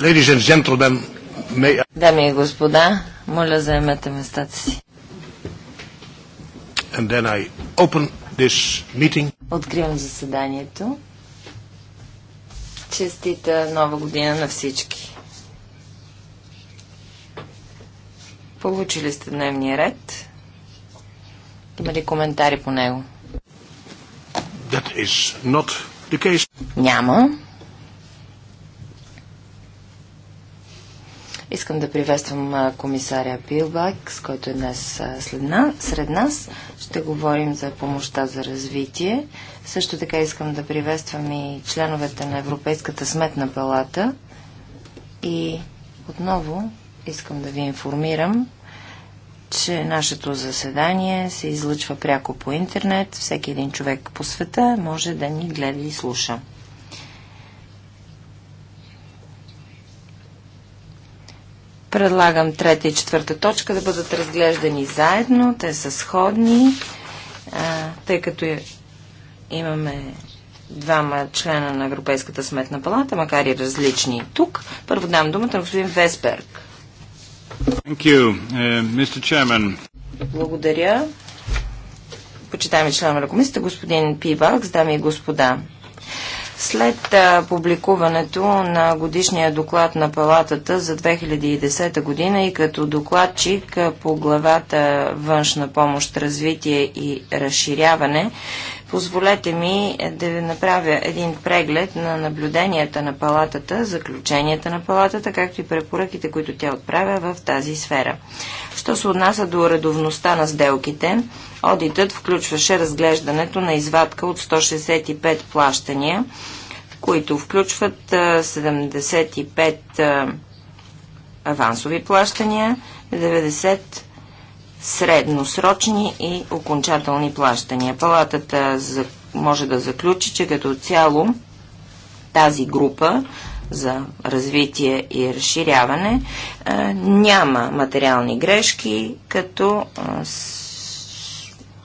May... Дами и господа, моля заемете местата си. Откривам заседанието. Честита нова година на всички. Получили сте дневния ред. Има ли коментари по него? Няма. Искам да приветствам комисаря Билбак, с който е днес следна, сред нас. Ще говорим за помощта за развитие. Също така искам да приветствам и членовете на Европейската сметна палата. И отново искам да ви информирам, че нашето заседание се излъчва пряко по интернет. Всеки един човек по света може да ни гледа и слуша. Предлагам трета и четвърта точка да бъдат разглеждани заедно. Те са сходни, а, тъй като е- имаме двама члена на Европейската сметна палата, макар и различни тук. Първо дам думата на господин Весберг. Uh, Благодаря. Почитаваме членове на комисията, господин Пибалкс, дами и господа. След публикуването на годишния доклад на палатата за 2010 година и като докладчик по главата външна помощ, развитие и разширяване, Позволете ми да ви направя един преглед на наблюденията на палатата, заключенията на палатата, както и препоръките, които тя отправя в тази сфера. Що се отнася до редовността на сделките, одитът включваше разглеждането на извадка от 165 плащания, които включват 75 авансови плащания, 90 средносрочни и окончателни плащания. Палатата за, може да заключи, че като цяло тази група за развитие и разширяване няма материални грешки, като е,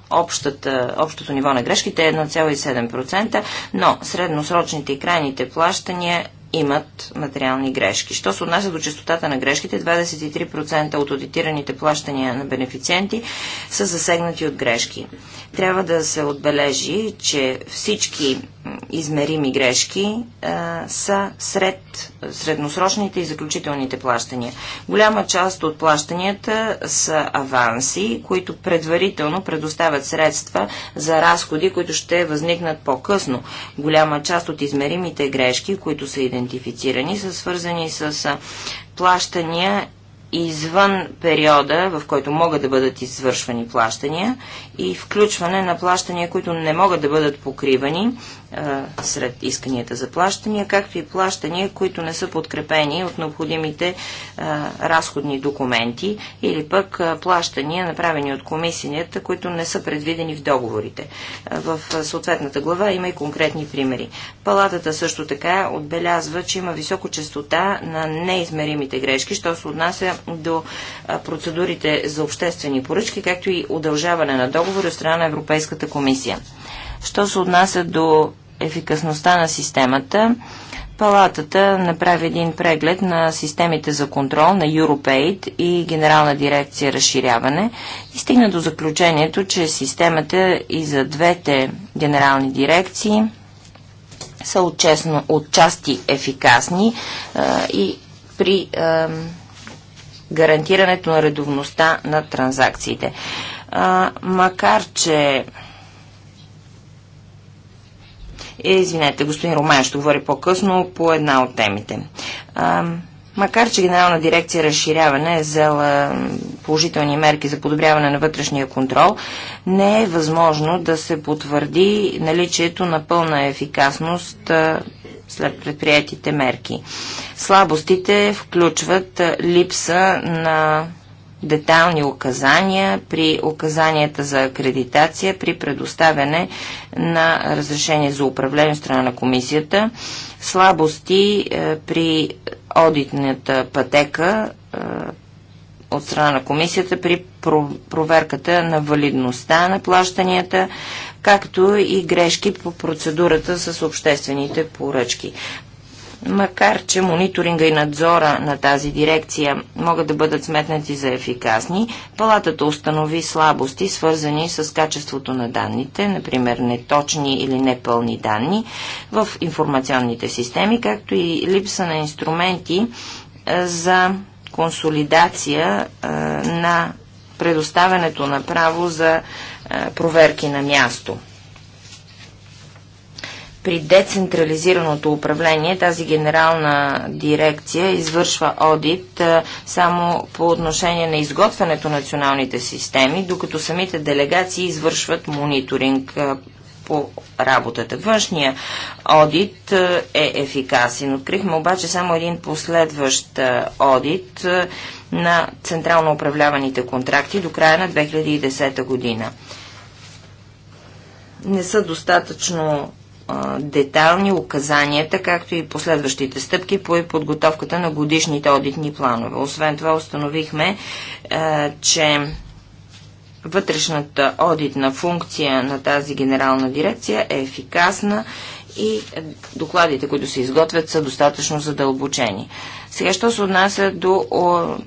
общата, общото ниво на грешките е 1,7%, но средносрочните и крайните плащания имат материални грешки. Що се отнася до частотата на грешките, 23% от аудитираните плащания на бенефициенти са засегнати от грешки. Трябва да се отбележи, че всички измерими грешки а, са сред средносрочните и заключителните плащания. Голяма част от плащанията са аванси, които предварително предоставят средства за разходи, които ще възникнат по-късно. Голяма част от измеримите грешки, които са идентифицирани, идентифицирани, са свързани с плащания извън периода, в който могат да бъдат извършвани плащания и включване на плащания, които не могат да бъдат покривани сред исканията за плащания, както и плащания, които не са подкрепени от необходимите а, разходни документи или пък а, плащания, направени от комисията, които не са предвидени в договорите. А, в съответната глава има и конкретни примери. Палатата също така отбелязва, че има високо частота на неизмеримите грешки, що се отнася до процедурите за обществени поръчки, както и удължаване на договори от страна на Европейската комисия. Що се отнася до ефикасността на системата, Палатата направи един преглед на системите за контрол на Europaid и Генерална дирекция разширяване и стигна до заключението, че системата и за двете генерални дирекции са отчестно, отчасти ефикасни а, и при а, гарантирането на редовността на транзакциите. А, макар, че е, извинете, господин Роман ще говори по-късно по една от темите. А, макар, че Генерална дирекция разширяване е взела положителни мерки за подобряване на вътрешния контрол, не е възможно да се потвърди наличието на пълна ефикасност след предприятите мерки. Слабостите включват липса на детални указания при указанията за акредитация, при предоставяне на разрешение за управление страна на комисията, слабости е, при одитната пътека е, от страна на комисията при проверката на валидността на плащанията, както и грешки по процедурата с обществените поръчки. Макар, че мониторинга и надзора на тази дирекция могат да бъдат сметнати за ефикасни, палатата установи слабости, свързани с качеството на данните, например неточни или непълни данни в информационните системи, както и липса на инструменти за консолидация на предоставянето на право за проверки на място при децентрализираното управление тази генерална дирекция извършва одит само по отношение на изготвянето на националните системи, докато самите делегации извършват мониторинг по работата. Външния одит е ефикасен. Открихме обаче само един последващ одит на централно управляваните контракти до края на 2010 година. Не са достатъчно детайлни указанията, както и последващите стъпки по подготовката на годишните одитни планове. Освен това установихме, че вътрешната одитна функция на тази генерална дирекция е ефикасна и докладите, които се изготвят, са достатъчно задълбочени. Сега, що се отнася до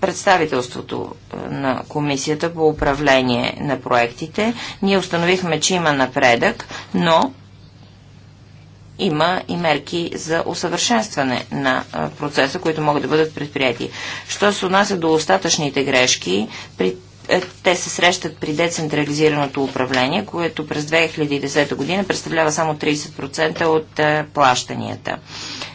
представителството на Комисията по управление на проектите, ние установихме, че има напредък, но има и мерки за усъвършенстване на процеса, които могат да бъдат предприяти. Що се отнася до остатъчните грешки, при е, те се срещат при децентрализираното управление, което през 2010 година представлява само 30% от е, плащанията.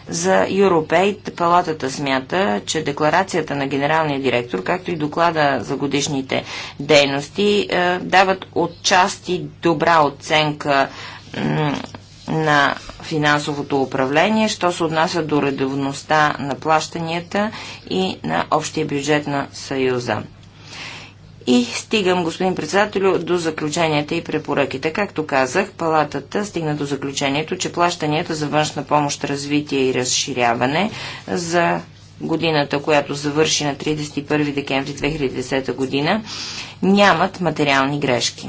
За Europaid палатата смята, че декларацията на генералния директор, както и доклада за годишните дейности, е, дават отчасти добра оценка на финансовото управление, що се отнася до редовността на плащанията и на общия бюджет на Съюза. И стигам, господин председател, до заключенията и препоръките. Както казах, палатата стигна до заключението, че плащанията за външна помощ, развитие и разширяване за годината, която завърши на 31 декември 2010 година, нямат материални грешки.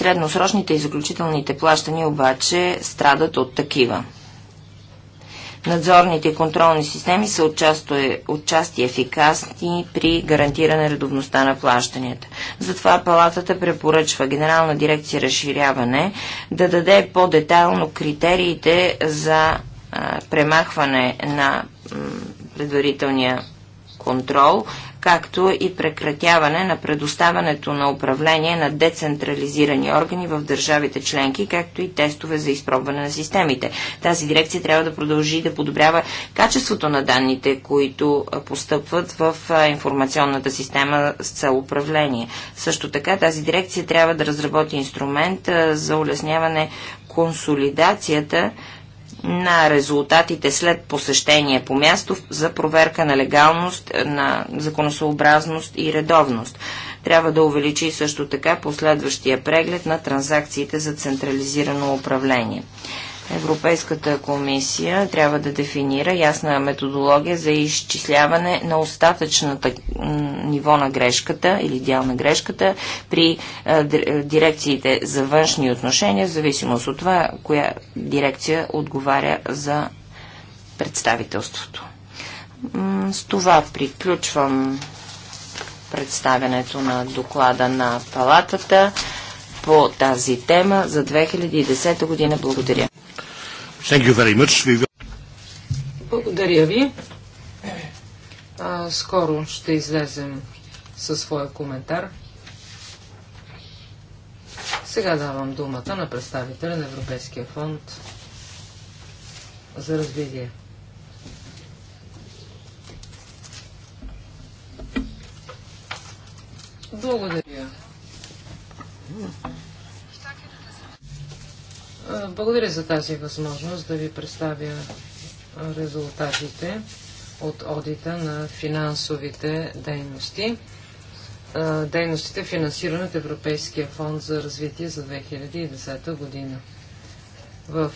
Средносрочните и заключителните плащания обаче страдат от такива. Надзорните и контролни системи са отчасти, е- отчасти ефикасни при гарантиране редовността на плащанията. Затова палатата препоръчва Генерална дирекция разширяване да даде по-детайлно критериите за а, премахване на предварителния контрол както и прекратяване на предоставането на управление на децентрализирани органи в държавите членки, както и тестове за изпробване на системите. Тази дирекция трябва да продължи да подобрява качеството на данните, които постъпват в информационната система с цел управление. Също така тази дирекция трябва да разработи инструмент за улесняване консолидацията на резултатите след посещение по място за проверка на легалност, на законосообразност и редовност. Трябва да увеличи също така последващия преглед на транзакциите за централизирано управление. Европейската комисия трябва да дефинира ясна методология за изчисляване на остатъчната ниво на грешката или дял на грешката при е, е, дирекциите за външни отношения, в зависимост от това, коя дирекция отговаря за представителството. С това приключвам представянето на доклада на палатата по тази тема за 2010 година. Благодаря. Thank you very much. Благодаря ви. А, скоро ще излезем със своя коментар. Сега давам думата на представителя на Европейския фонд за развитие. Благодаря. Благодаря за тази възможност да ви представя резултатите от одита на финансовите дейности. Дейностите финансирани от Европейския фонд за развитие за 2010 година. В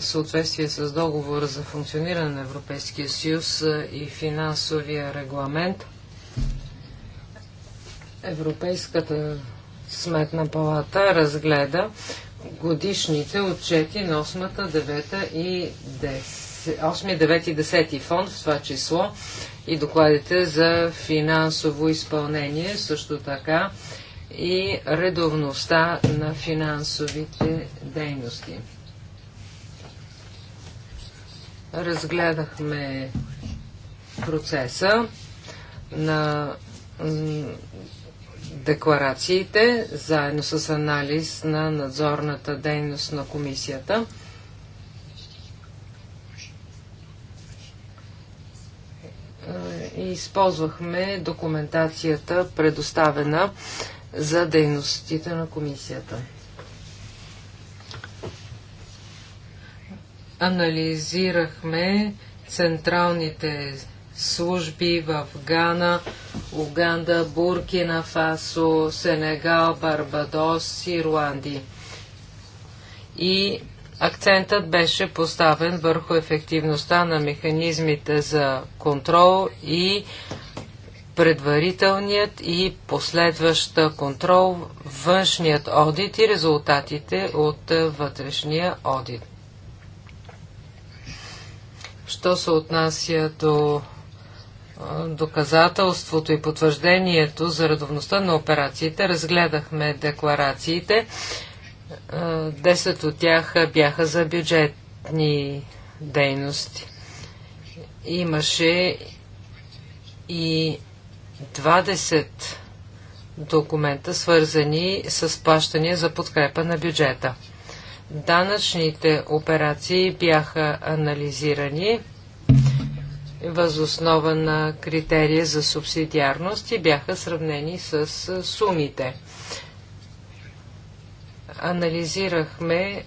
съответствие с договора за функциониране на Европейския съюз и финансовия регламент, Европейската сметна палата разгледа годишните отчети на 8 9 и 10, 8 9 и 10 фонд, в това число и докладите за финансово изпълнение, също така и редовността на финансовите дейности. Разгледахме процеса на декларациите, заедно с анализ на надзорната дейност на комисията. И е, използвахме документацията, предоставена за дейностите на комисията. Анализирахме централните служби в Гана, Уганда, Буркина Фасо, Сенегал, Барбадос, и Руанди. И акцентът беше поставен върху ефективността на механизмите за контрол и предварителният и последващ контрол, външният одит и резултатите от вътрешния одит. Що се отнася до доказателството и потвърждението за редовността на операциите, разгледахме декларациите. Десет от тях бяха за бюджетни дейности. Имаше и 20 документа, свързани с плащания за подкрепа на бюджета. Данъчните операции бяха анализирани възоснова на критерия за субсидиарност и бяха сравнени с сумите. Анализирахме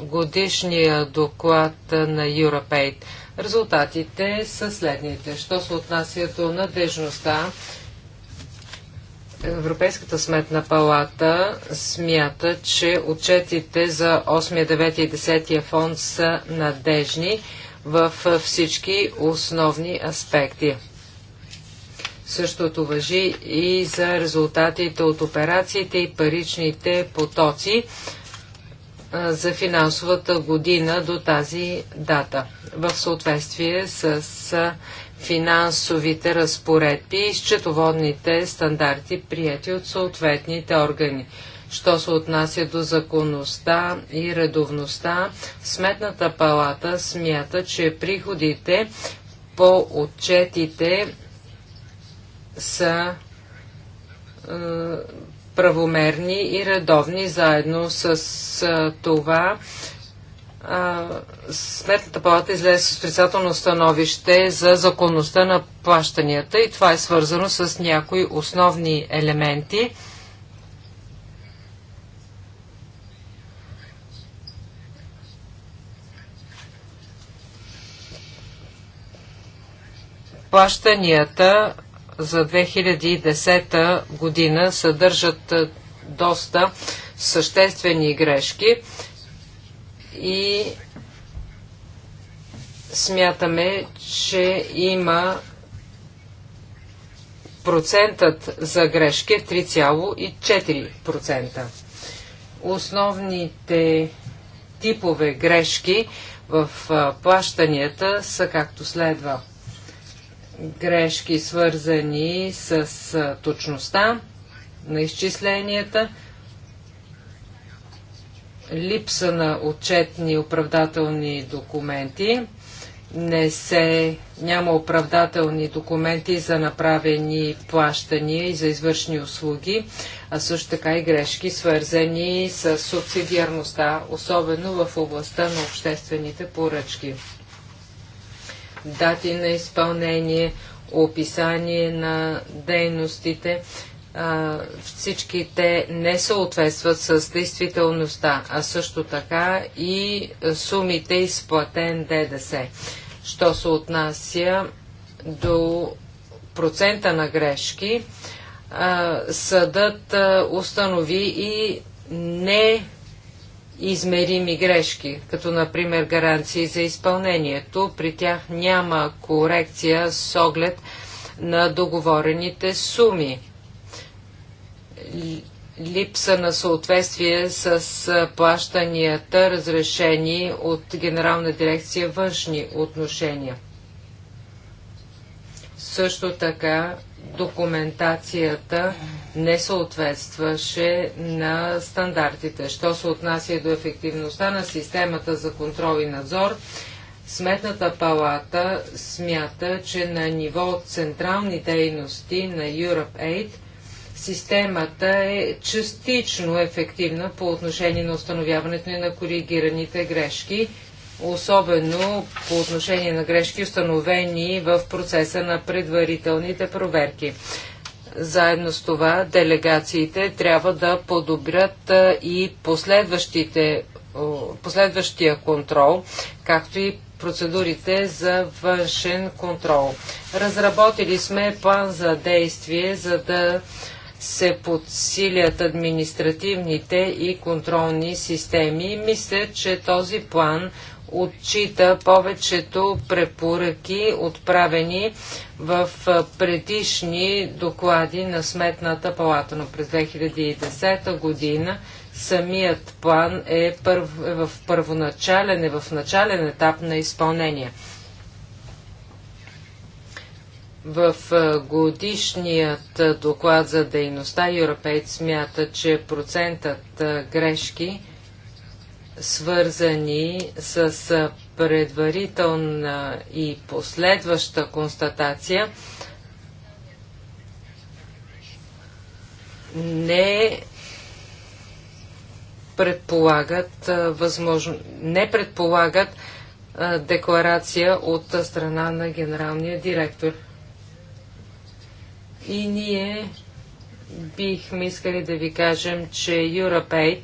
годишния доклад на Europaid. Резултатите са следните. Що се отнася до надежността, Европейската сметна палата смята, че отчетите за 8, 9 и 10 фонд са надежни в всички основни аспекти. Същото въжи и за резултатите от операциите и паричните потоци за финансовата година до тази дата. В съответствие с финансовите разпоредби и счетоводните стандарти, прияти от съответните органи що се отнася до законността и редовността. Сметната палата смята, че приходите по отчетите са е, правомерни и редовни, заедно с е, това е, Сметната палата излезе с отрицателно становище за законността на плащанията и това е свързано с някои основни елементи. Плащанията за 2010 година съдържат доста съществени грешки и смятаме, че има процентът за грешки 3,4%. Е Основните типове грешки в плащанията са както следва – грешки, свързани с точността на изчисленията, липса на отчетни оправдателни документи, не се, няма оправдателни документи за направени плащания и за извършни услуги, а също така и грешки, свързани с субсидиарността, особено в областта на обществените поръчки дати на изпълнение, описание на дейностите. всички те не съответстват с действителността, а също така и сумите изплатен ДДС. Що се отнася до процента на грешки, съдът установи и не измерими грешки, като например гаранции за изпълнението. При тях няма корекция с оглед на договорените суми. Липса на съответствие с плащанията, разрешени от Генерална дирекция външни отношения. Също така документацията не съответстваше на стандартите. Що се отнася до ефективността на системата за контрол и надзор, Сметната палата смята, че на ниво от централни дейности на Europe Aid системата е частично ефективна по отношение на установяването и на коригираните грешки особено по отношение на грешки, установени в процеса на предварителните проверки. Заедно с това делегациите трябва да подобрят и последващите, последващия контрол, както и процедурите за външен контрол. Разработили сме план за действие, за да се подсилят административните и контролни системи. Мисля, че този план отчита повечето препоръки, отправени в предишни доклади на Сметната палата. Но през 2010 година самият план е, първ, е в първоначален, е в начален етап на изпълнение. В годишният доклад за дейността европейц смята, че процентът грешки – свързани с предварителна и последваща констатация, не предполагат възможно, не предполагат а, декларация от страна на генералния директор. И ние бихме искали да ви кажем, че EuroPaid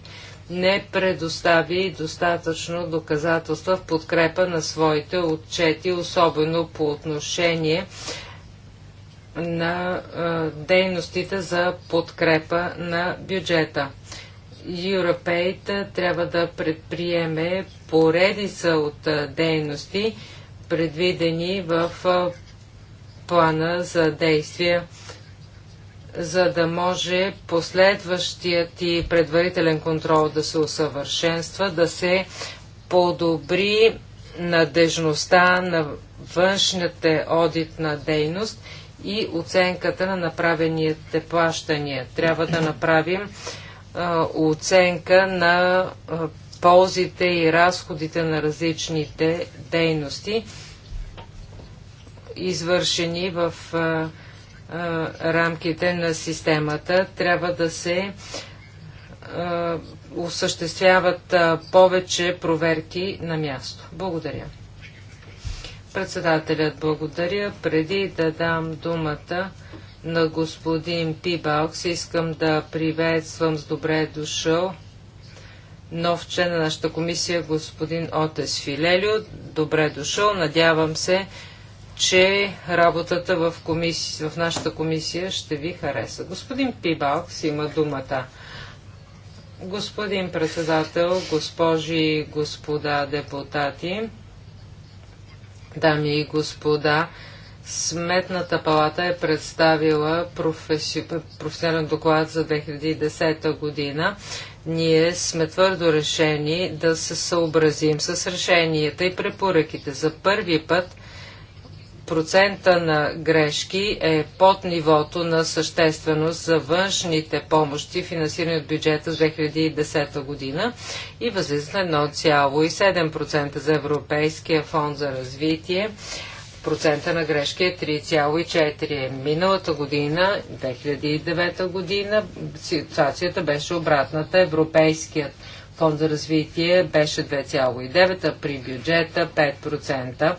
не предостави достатъчно доказателства в подкрепа на своите отчети, особено по отношение на а, дейностите за подкрепа на бюджета. Европейт трябва да предприеме поредица от дейности, предвидени в плана за действие за да може последващият ти предварителен контрол да се усъвършенства, да се подобри надежността на външната одитна дейност и оценката на направените плащания. Трябва да направим а, оценка на а, ползите и разходите на различните дейности, извършени в а, рамките на системата. Трябва да се осъществяват повече проверки на място. Благодаря. Председателят благодаря. Преди да дам думата на господин Пибалкс, искам да приветствам с добре дошъл нов член на нашата комисия, господин Отес Филелио. Добре дошъл. Надявам се, че работата в, комисия, в нашата комисия ще ви хареса. Господин Пибалкс има думата. Господин председател, госпожи и господа депутати, дами и господа, Сметната палата е представила професи... професионален доклад за 2010 година. Ние сме твърдо решени да се съобразим с решенията и препоръките. За първи път процента на грешки е под нивото на същественост за външните помощи, финансирани от бюджета за 2010 година и възлиза на 1,7% за Европейския фонд за развитие. Процента на грешки е 3,4. Миналата година, 2009 година, ситуацията беше обратната. Европейският фонд за развитие беше 2,9, а при бюджета 5%.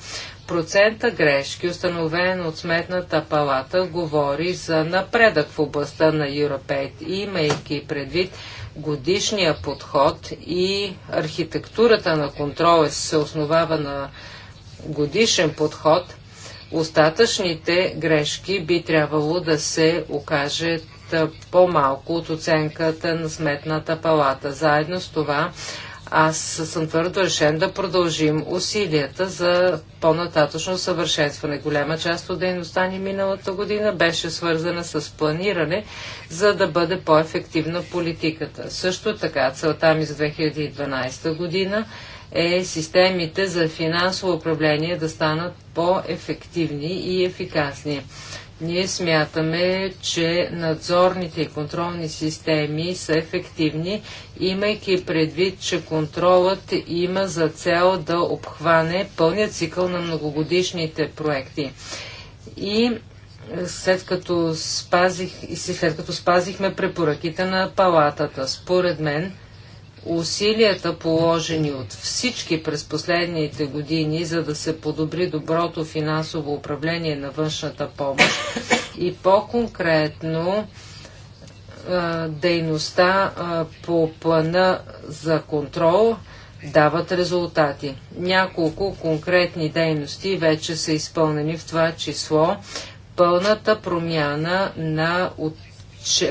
Процента грешки, установен от Сметната палата, говори за напредък в областта на Европейт, имайки предвид годишния подход и архитектурата на контрола се основава на годишен подход, остатъчните грешки би трябвало да се окажат по-малко от оценката на Сметната палата. Заедно с това аз съм твърдо решен да продължим усилията за по-нататъчно съвършенстване. Голяма част от дейността ни миналата година беше свързана с планиране, за да бъде по-ефективна политиката. Също така, целта ми за 2012 година е системите за финансово управление да станат по-ефективни и ефикасни. Ние смятаме, че надзорните и контролни системи са ефективни, имайки предвид, че контролът има за цел да обхване пълния цикъл на многогодишните проекти. И след като, спазих, и след като спазихме препоръките на палатата, според мен, усилията положени от всички през последните години, за да се подобри доброто финансово управление на външната помощ и по-конкретно дейността по плана за контрол дават резултати. Няколко конкретни дейности вече са изпълнени в това число пълната промяна на от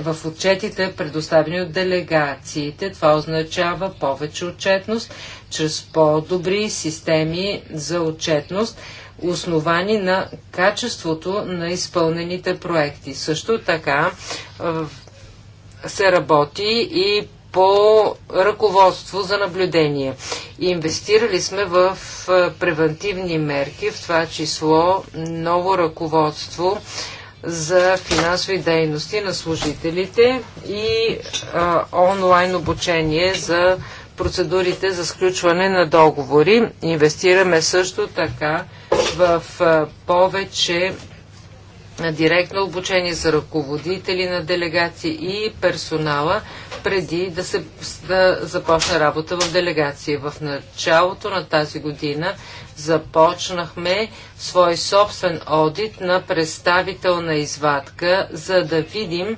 в отчетите, предоставени от делегациите. Това означава повече отчетност чрез по-добри системи за отчетност, основани на качеството на изпълнените проекти. Също така се работи и по ръководство за наблюдение. Инвестирали сме в превентивни мерки, в това число ново ръководство за финансови дейности на служителите и а, онлайн обучение за процедурите за сключване на договори. Инвестираме също така в а, повече на директно обучение за ръководители на делегации и персонала, преди да, се, да започне работа в делегации. В началото на тази година започнахме свой собствен одит на представителна извадка, за да видим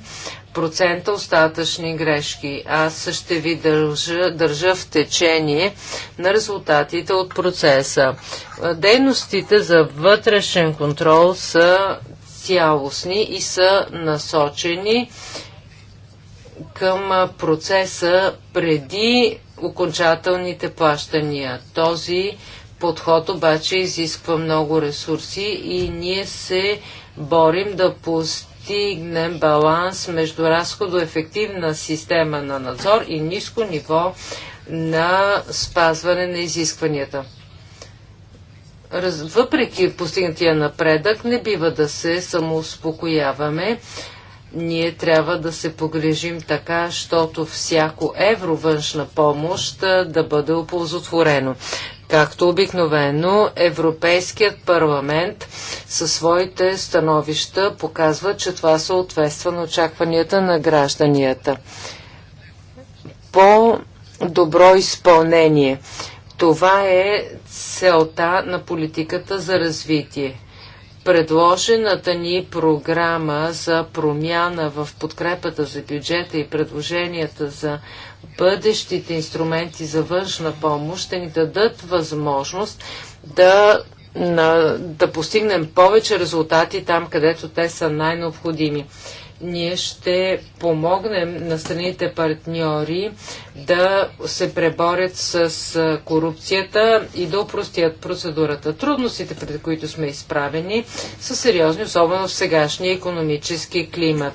процента остатъчни грешки. Аз ще ви държа, държа в течение на резултатите от процеса. Дейностите за вътрешен контрол са цялостни и са насочени към процеса преди окончателните плащания. Този подход обаче изисква много ресурси и ние се борим да постигнем баланс между разходоефективна система на надзор и ниско ниво на спазване на изискванията. Раз, въпреки постигнатия напредък, не бива да се самоуспокояваме. Ние трябва да се погрежим така, защото всяко евро външна помощ да бъде оползотворено. Както обикновено, Европейският парламент със своите становища показва, че това съответства на очакванията на гражданията. По добро изпълнение. Това е целта на политиката за развитие. Предложената ни програма за промяна в подкрепата за бюджета и предложенията за бъдещите инструменти за външна помощ ще ни дадат възможност да, на, да постигнем повече резултати там, където те са най-необходими ние ще помогнем на страните партньори да се преборят с корупцията и да упростят процедурата. Трудностите, пред които сме изправени, са сериозни, особено в сегашния економически климат.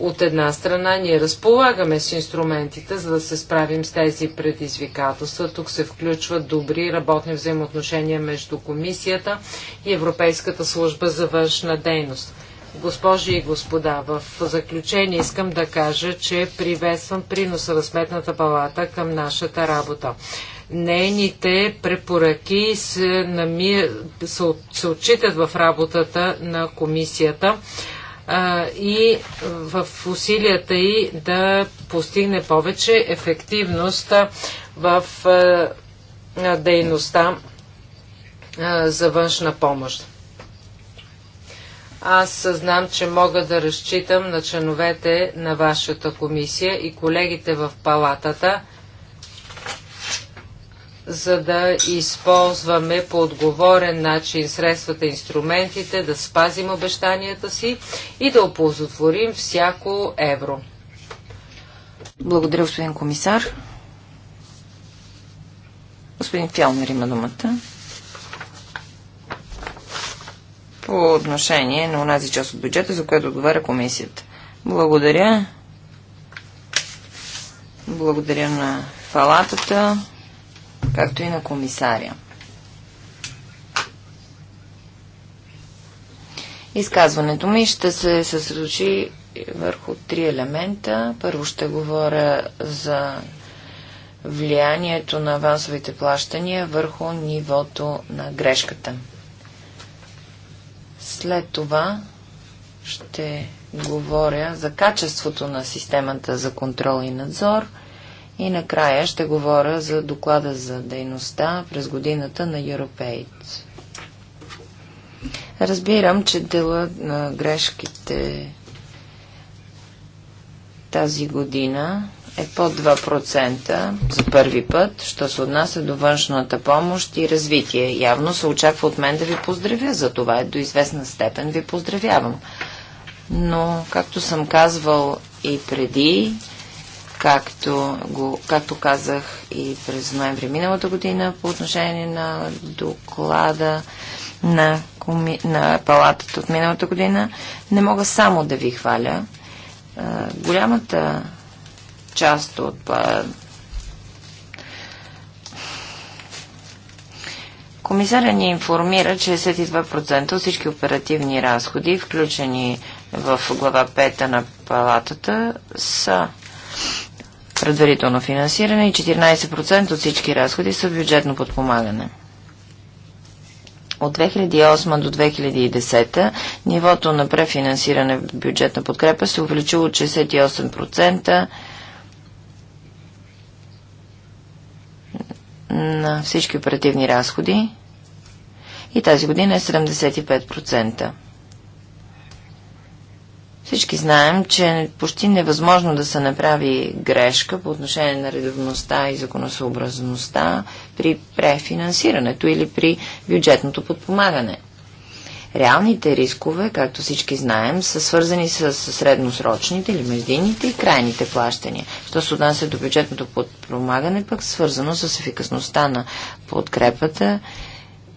От една страна ние разполагаме с инструментите, за да се справим с тези предизвикателства. Тук се включват добри работни взаимоотношения между Комисията и Европейската служба за външна дейност. Госпожи и господа, в заключение искам да кажа, че приветствам приноса на Сметната палата към нашата работа. Нейните препоръки се, нами... се, от... се отчитат в работата на комисията а, и в усилията й да постигне повече ефективност в а, дейността а, за външна помощ. Аз знам, че мога да разчитам на членовете на вашата комисия и колегите в палатата, за да използваме по отговорен начин средствата, и инструментите, да спазим обещанията си и да оползотворим всяко евро. Благодаря, господин комисар. Господин Фялнер има думата. по отношение на онази част от бюджета, за което отговаря комисията. Благодаря. Благодаря на палатата, както и на комисаря. Изказването ми ще се съсредочи върху три елемента. Първо ще говоря за влиянието на авансовите плащания върху нивото на грешката. След това ще говоря за качеството на системата за контрол и надзор и накрая ще говоря за доклада за дейността през годината на Europaid. Разбирам, че дела на грешките тази година е под 2% за първи път, що се отнася до външната помощ и развитие. Явно се очаква от мен да ви поздравя за това. До известна степен ви поздравявам. Но, както съм казвал и преди, както, го, както казах и през ноември миналата година по отношение на доклада на, коми, на палатата от миналата година, не мога само да ви хваля. Голямата част от Комисаря ни информира, че 62% от всички оперативни разходи, включени в глава 5 на палатата, са предварително финансиране и 14% от всички разходи са бюджетно подпомагане. От 2008 до 2010 нивото на префинансиране в бюджетна подкрепа се увеличило от 68% на всички оперативни разходи и тази година е 75%. Всички знаем, че е почти невъзможно да се направи грешка по отношение на редовността и законосъобразността при префинансирането или при бюджетното подпомагане – Реалните рискове, както всички знаем, са свързани с средносрочните или междинните и крайните плащания. Що се отнася до бюджетното подпомагане, пък свързано с ефикасността на подкрепата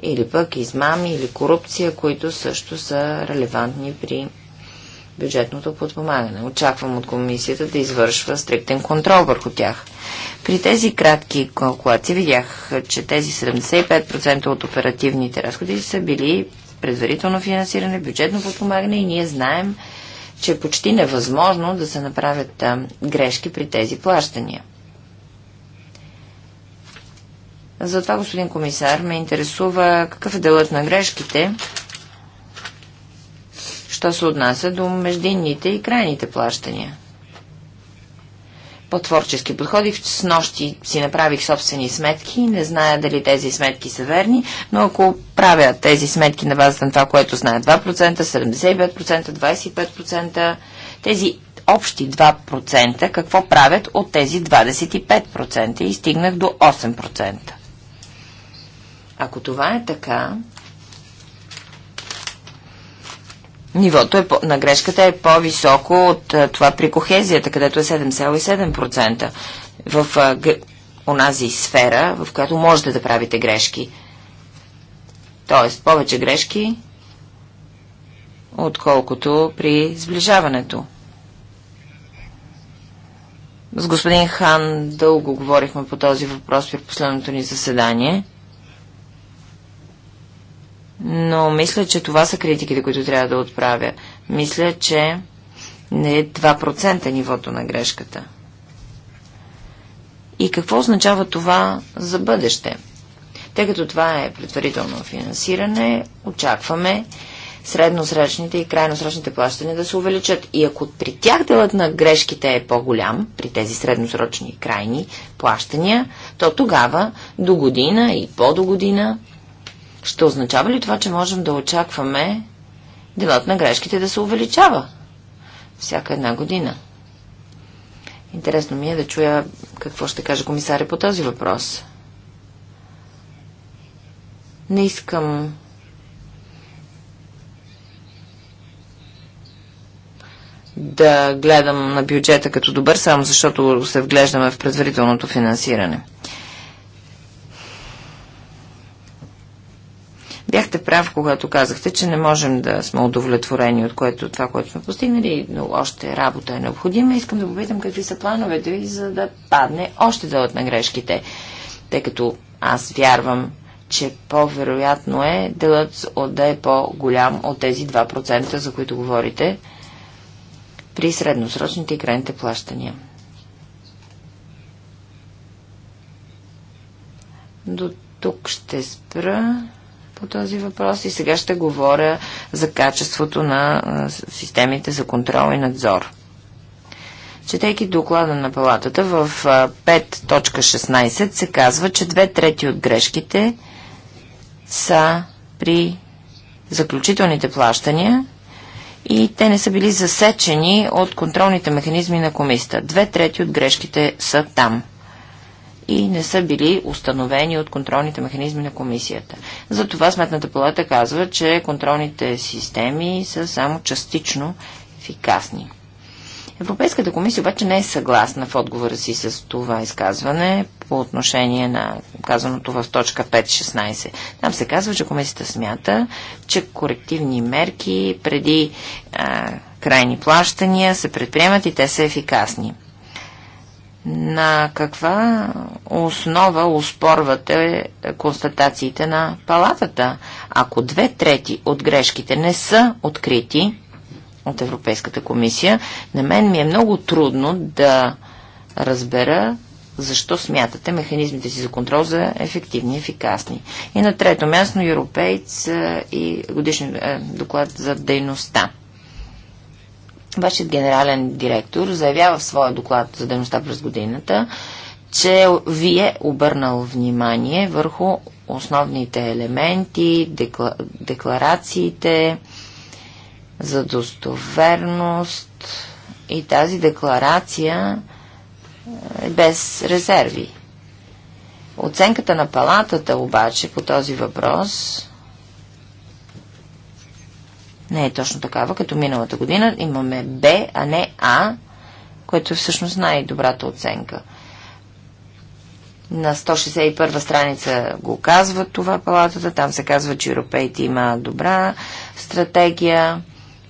или пък измами или корупция, които също са релевантни при бюджетното подпомагане. Очаквам от комисията да извършва стриктен контрол върху тях. При тези кратки калкулации видях, че тези 75% от оперативните разходи са били предварително финансиране, бюджетно подпомагане и ние знаем, че е почти невъзможно да се направят а, грешки при тези плащания. Затова, господин комисар, ме интересува какъв е делът на грешките, що се отнася до междинните и крайните плащания по-творчески подходи. С нощи си направих собствени сметки. Не зная дали тези сметки са верни, но ако правя тези сметки на базата на това, което знае 2%, 75%, 25%, тези общи 2%, какво правят от тези 25% и стигнах до 8%. Ако това е така, Нивото е, на грешката е по-високо от е, това при кохезията, където е 7,7% в е, онази сфера, в която можете да правите грешки. Тоест, повече грешки, отколкото при сближаването. С господин Хан дълго говорихме по този въпрос при последното ни заседание но мисля, че това са критиките, които трябва да отправя. Мисля, че не е 2% нивото на грешката. И какво означава това за бъдеще? Тъй като това е предварително финансиране, очакваме средносрочните и крайносрочните плащания да се увеличат. И ако при тях делът на грешките е по-голям, при тези средносрочни и крайни плащания, то тогава до година и по-до година ще означава ли това, че можем да очакваме делът на грешките да се увеличава всяка една година? Интересно ми е да чуя какво ще каже комисаря по този въпрос. Не искам да гледам на бюджета като добър, само защото се вглеждаме в предварителното финансиране. Бяхте прав, когато казахте, че не можем да сме удовлетворени от което, това, което сме постигнали, но още работа е необходима. Искам да попитам какви са плановете ви, за да падне още дълът на грешките, тъй като аз вярвам, че по-вероятно е делът да е по-голям от тези 2%, за които говорите, при средносрочните и крайните плащания. До тук ще спра по този въпрос и сега ще говоря за качеството на системите за контрол и надзор. Четейки доклада на палатата в 5.16 се казва, че две трети от грешките са при заключителните плащания и те не са били засечени от контролните механизми на комисията. Две трети от грешките са там и не са били установени от контролните механизми на комисията. Затова Сметната палата казва, че контролните системи са само частично ефикасни. Европейската комисия обаче не е съгласна в отговора си с това изказване по отношение на казаното в точка 5.16. Там се казва, че комисията смята, че корективни мерки преди а, крайни плащания се предприемат и те са ефикасни. На каква основа успорвате констатациите на палатата? Ако две трети от грешките не са открити от Европейската комисия, на мен ми е много трудно да разбера защо смятате механизмите си за контрол за ефективни и ефикасни. И на трето място европейц и годишен доклад за дейността. Вашият генерален директор заявява в своя доклад за дейността през годината, че ви е обърнал внимание върху основните елементи, декла... декларациите за достоверност и тази декларация е без резерви. Оценката на палатата обаче по този въпрос не е точно такава, като миналата година имаме Б, а не А, което е всъщност най-добрата оценка. На 161 страница го казва това палатата, там се казва, че европейте има добра стратегия,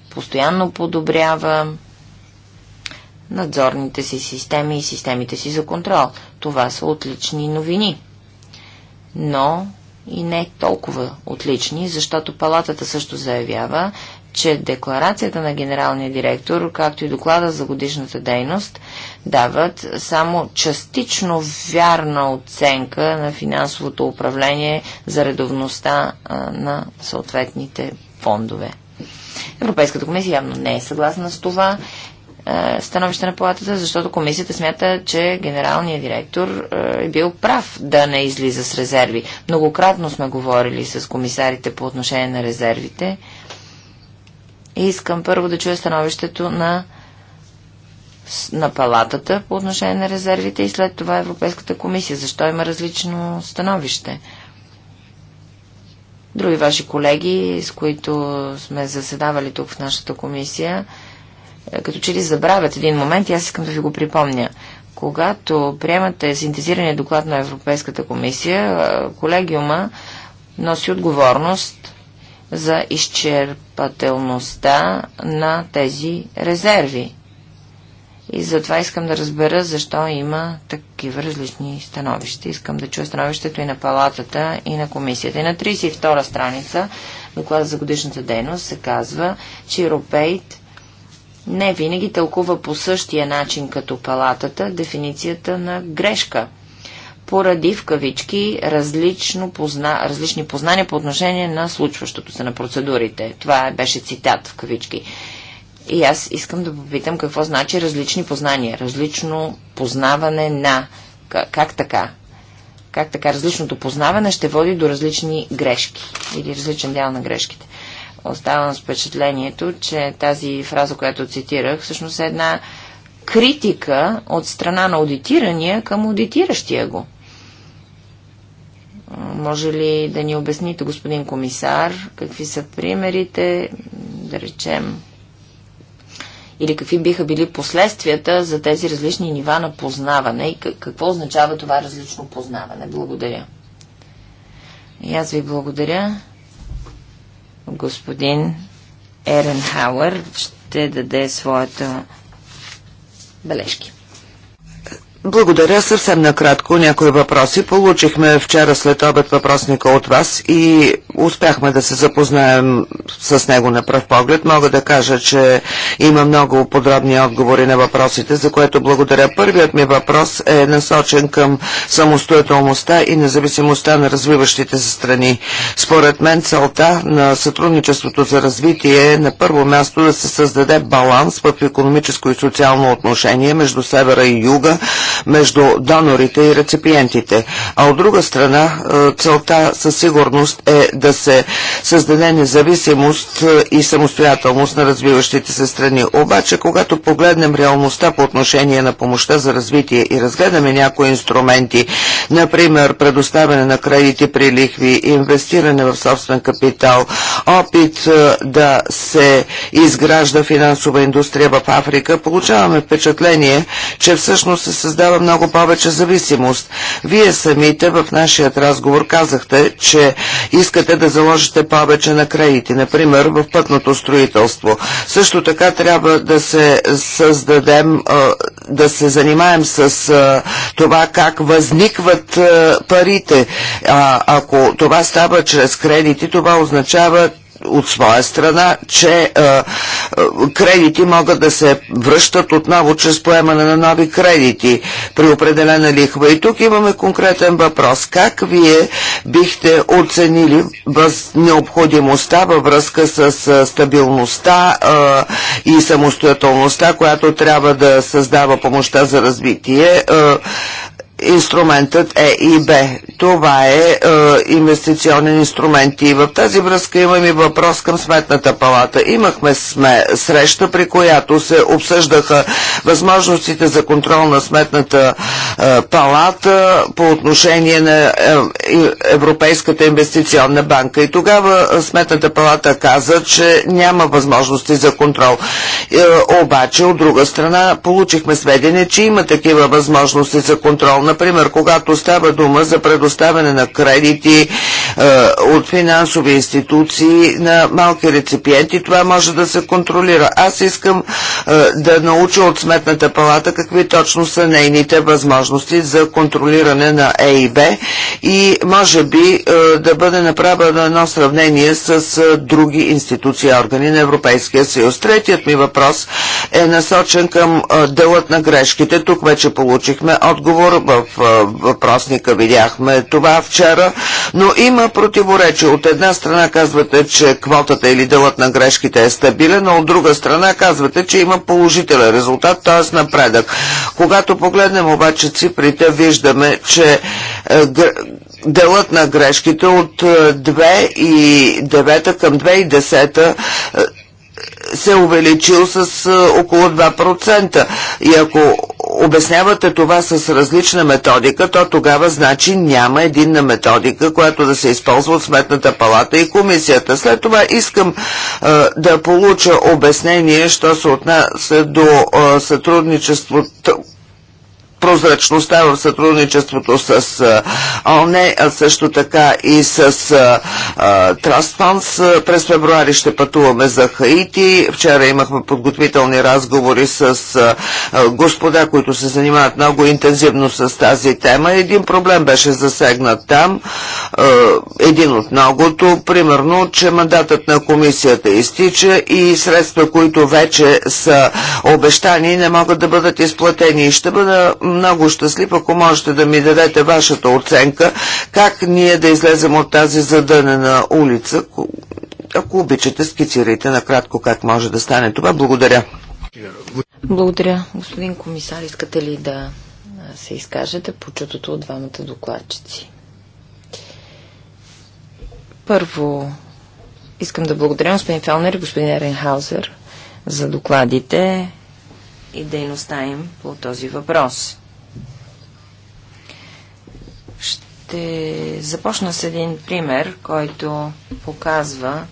постоянно подобрява надзорните си системи и системите си за контрол. Това са отлични новини. Но и не толкова отлични, защото палатата също заявява, че декларацията на генералния директор, както и доклада за годишната дейност, дават само частично вярна оценка на финансовото управление за редовността на съответните фондове. Европейската комисия явно не е съгласна с това становище на палатата, защото комисията смята, че генералният директор е бил прав да не излиза с резерви. Многократно сме говорили с комисарите по отношение на резервите Искам първо да чуя становището на, на палатата по отношение на резервите и след това Европейската комисия. Защо има различно становище? Други ваши колеги, с които сме заседавали тук в нашата комисия, е, като че ли забравят един момент и аз искам да ви го припомня. Когато приемате синтезирания доклад на Европейската комисия, е, колегиума носи отговорност за изчерпателността на тези резерви. И затова искам да разбера защо има такива различни становища. Искам да чуя становището и на палатата, и на комисията. И на 32 страница доклада за годишната дейност се казва, че Европейт не винаги тълкува по същия начин като палатата дефиницията на грешка – поради в кавички различно позна, различни познания по отношение на случващото се на процедурите. Това беше цитат в кавички. И аз искам да попитам какво значи различни познания, различно познаване на. Как, как така? Как така различното познаване ще води до различни грешки или различен дял на грешките? Оставам с впечатлението, че тази фраза, която цитирах, всъщност е една критика от страна на аудитирания към аудитиращия го. Може ли да ни обясните, господин комисар, какви са примерите, да речем, или какви биха били последствията за тези различни нива на познаване и какво означава това различно познаване? Благодаря. И аз ви благодаря. Господин Еренхауер ще даде своята бележки. Благодаря. Съвсем накратко някои въпроси. Получихме вчера след обед въпросника от вас и успяхме да се запознаем с него на пръв поглед. Мога да кажа, че има много подробни отговори на въпросите, за което благодаря. Първият ми въпрос е насочен към самостоятелността и независимостта на развиващите се страни. Според мен целта на сътрудничеството за развитие е на първо място да се създаде баланс в економическо и социално отношение между севера и юга, между донорите и реципиентите. А от друга страна, е, целта със сигурност е да се създаде независимост е, и самостоятелност на развиващите се страни. Обаче, когато погледнем реалността по отношение на помощта за развитие и разгледаме някои инструменти, например предоставяне на кредити при лихви, инвестиране в собствен капитал, опит е, да се изгражда финансова индустрия в Африка, получаваме впечатление, че всъщност се създава създава много повече зависимост. Вие самите в нашия разговор казахте, че искате да заложите повече на кредити, например в пътното строителство. Също така трябва да се създадем, да се занимаем с това как възникват парите. А, ако това става чрез кредити, това означава от своя страна, че е, е, кредити могат да се връщат отново чрез поемане на нови кредити при определена лихва. И тук имаме конкретен въпрос. Как вие бихте оценили въз необходимостта във връзка с е, стабилността е, и самостоятелността, която трябва да създава помощта за развитие? Е, инструментът Е и Б. Това е, е инвестиционен инструмент и в тази връзка имам и въпрос към Сметната палата. Имахме сме среща, при която се обсъждаха възможностите за контрол на Сметната е, палата по отношение на е, Европейската инвестиционна банка. И тогава Сметната палата каза, че няма възможности за контрол. Е, обаче, от друга страна, получихме сведения, че има такива възможности за контрол на например, когато става дума за предоставяне на кредити е, от финансови институции на малки реципиенти, това може да се контролира. Аз искам е, да науча от Сметната палата какви точно са нейните възможности за контролиране на Е и Б, и може би е, да бъде направено едно сравнение с е, други институции и органи на Европейския съюз. Третият ми въпрос е насочен към е, делът на грешките. Тук вече получихме отговор в въпросника видяхме това вчера, но има противоречие. От една страна казвате, че квотата или делът на грешките е стабилен, а от друга страна казвате, че има положителен резултат, т.е. напредък. Когато погледнем обаче цифрите, виждаме, че е, делът на грешките от 2009 е, към 2010 се е увеличил с около 2%. И ако обяснявате това с различна методика, то тогава значи няма единна методика, която да се използва от Сметната палата и комисията. След това искам да получа обяснение, що се отнася до сътрудничеството прозрачността в сътрудничеството с ОНЕ, а също така и с Трастфанс. През февруари ще пътуваме за Хаити. Вчера имахме подготвителни разговори с господа, които се занимават много интензивно с тази тема. Един проблем беше засегнат там, един от многото, примерно, че мандатът на комисията изтича и средства, които вече са обещани, не могат да бъдат изплатени. Ще бъда много щастлив, ако можете да ми дадете вашата оценка, как ние да излезем от тази задънена улица. Ако обичате, скицирайте накратко как може да стане това. Благодаря. Благодаря. Господин комисар, искате ли да се изкажете по чутото от двамата докладчици? Първо, искам да благодаря господин Фелнер и господин Еренхаузер за докладите и дейността им по този въпрос. Ще започна с един пример, който показва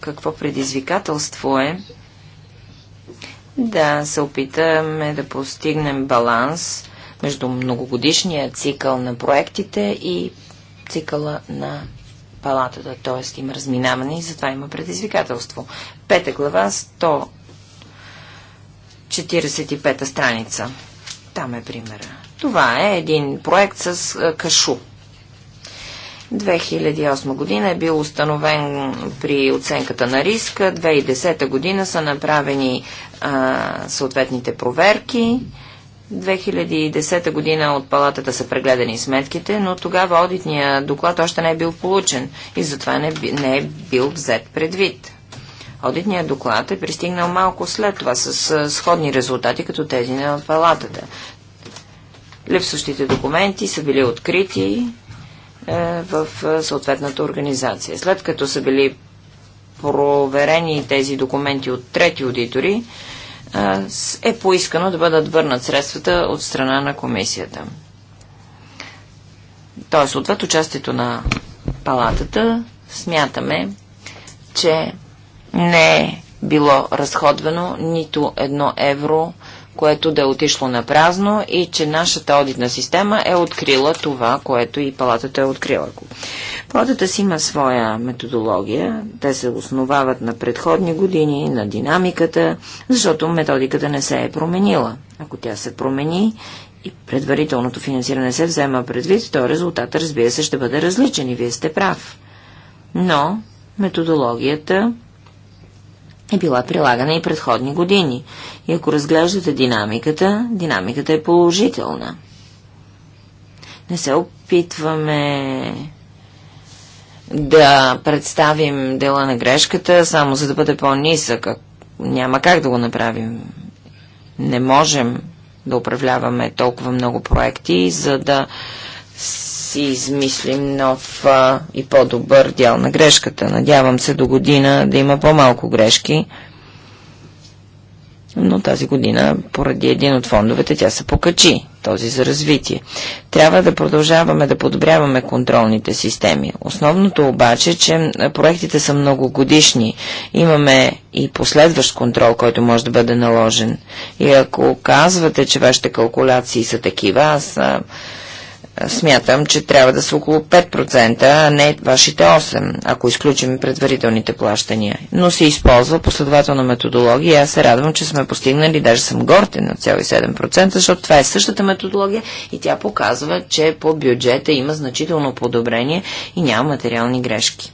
какво предизвикателство е да се опитаме да постигнем баланс между многогодишния цикъл на проектите и цикъла на палатата, т.е. има разминаване и затова има предизвикателство. Пета глава, 145 страница. Там е примера. Това е един проект с кашу. 2008 година е бил установен при оценката на риска, 2010 година са направени а, съответните проверки, 2010 година от палатата са прегледани сметките, но тогава одитният доклад още не е бил получен и затова не, не е бил взет предвид. Одитният доклад е пристигнал малко след това с сходни резултати като тези на палатата. Липсващите документи са били открити е, в е, съответната организация. След като са били проверени тези документи от трети аудитори, е, е поискано да бъдат върнат средствата от страна на комисията. Тоест, отвъд участието на палатата, смятаме, че не е било разходвано нито едно евро което да е отишло на празно и че нашата одитна система е открила това, което и палатата е открила. Палатата си има своя методология, те се основават на предходни години, на динамиката, защото методиката не се е променила. Ако тя се промени и предварителното финансиране се взема предвид, то резултатът, разбира се, ще бъде различен и вие сте прав. Но методологията е била прилагана и предходни години. И ако разглеждате динамиката, динамиката е положителна. Не се опитваме да представим дела на грешката, само за да бъде по-нисък. Няма как да го направим. Не можем да управляваме толкова много проекти, за да си измислим нов а, и по-добър дял на грешката. Надявам се до година да има по-малко грешки, но тази година поради един от фондовете тя се покачи, този за развитие. Трябва да продължаваме да подобряваме контролните системи. Основното обаче е, че проектите са многогодишни. Имаме и последващ контрол, който може да бъде наложен. И ако казвате, че вашите калкулации са такива, аз... А, смятам, че трябва да са около 5%, а не вашите 8%, ако изключим предварителните плащания. Но се използва последователна методология и аз се радвам, че сме постигнали, даже съм горте на цяло 7%, защото това е същата методология и тя показва, че по бюджета има значително подобрение и няма материални грешки.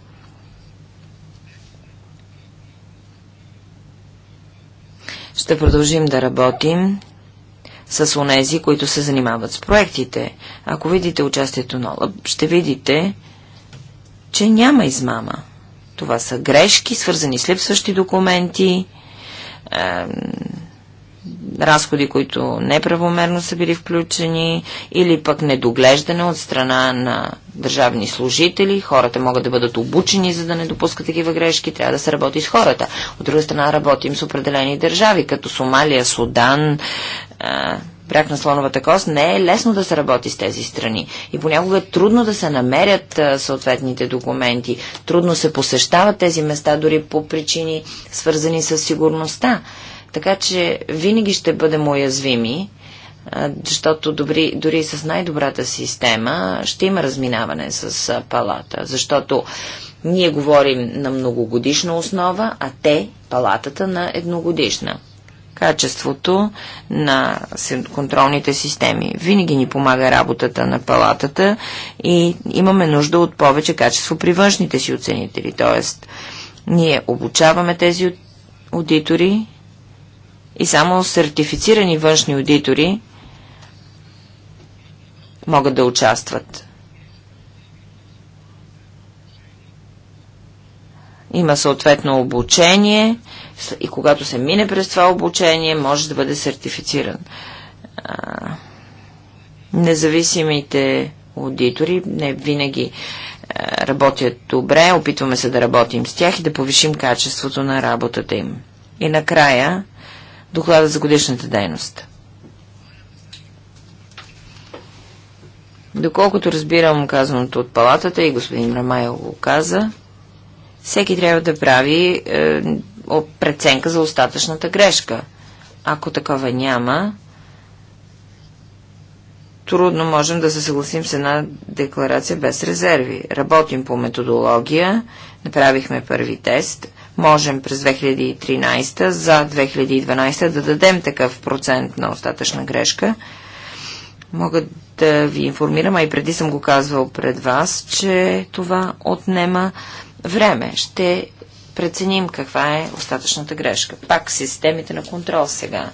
Ще продължим да работим с онези, които се занимават с проектите. Ако видите участието на ОЛАБ, ще видите, че няма измама. Това са грешки, свързани с липсващи документи, е, разходи, които неправомерно са били включени, или пък недоглеждане от страна на държавни служители. Хората могат да бъдат обучени, за да не допускат такива грешки. Трябва да се работи с хората. От друга страна работим с определени държави, като Сомалия, Судан, а, на слоновата кост, не е лесно да се работи с тези страни. И понякога е трудно да се намерят а, съответните документи. Трудно се посещават тези места, дори по причини свързани с сигурността. Така че винаги ще бъдем уязвими, а, защото добри, дори с най-добрата система ще има разминаване с а, палата. Защото ние говорим на многогодишна основа, а те палатата на едногодишна качеството на контролните системи. Винаги ни помага работата на палатата и имаме нужда от повече качество при външните си оценители. Тоест, ние обучаваме тези аудитори и само сертифицирани външни аудитори могат да участват. Има съответно обучение и когато се мине през това обучение, може да бъде сертифициран. Независимите аудитори не винаги работят добре, опитваме се да работим с тях и да повишим качеството на работата им. И накрая, доклада за годишната дейност. Доколкото разбирам казаното от палатата и господин Рамайл го каза, всеки трябва да прави е, преценка за остатъчната грешка. Ако такова няма, трудно можем да се съгласим с една декларация без резерви. Работим по методология, направихме първи тест, можем през 2013 за 2012 да дадем такъв процент на остатъчна грешка. Мога да ви информирам, а и преди съм го казвал пред вас, че това отнема време ще преценим каква е остатъчната грешка. Пак системите на контрол сега.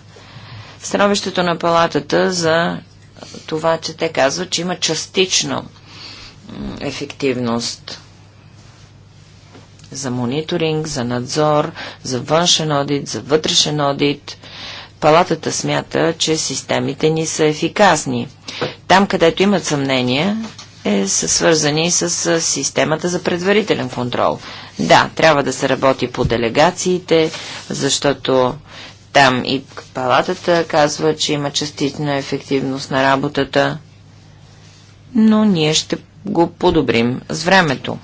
Становището на палатата за това, че те казват, че има частична ефективност за мониторинг, за надзор, за външен одит, за вътрешен одит. Палатата смята, че системите ни са ефикасни. Там, където имат съмнения, е, са свързани с, с системата за предварителен контрол. Да, трябва да се работи по делегациите, защото там и палатата казва, че има частична ефективност на работата, но ние ще го подобрим с времето.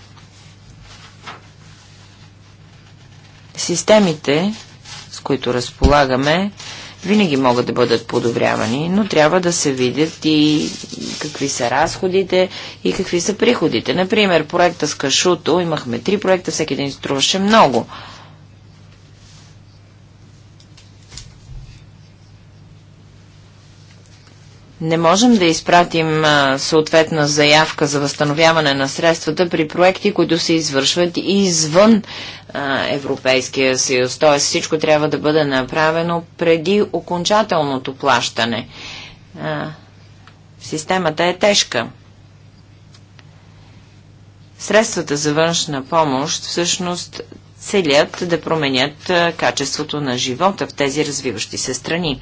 Системите, с които разполагаме, винаги могат да бъдат подобрявани, но трябва да се видят и какви са разходите и какви са приходите. Например, проекта с Кашуто, имахме три проекта, всеки един струваше много. не можем да изпратим съответна заявка за възстановяване на средствата при проекти, които се извършват извън а, Европейския съюз. Т.е. всичко трябва да бъде направено преди окончателното плащане. А, системата е тежка. Средствата за външна помощ всъщност целят да променят а, качеството на живота в тези развиващи се страни.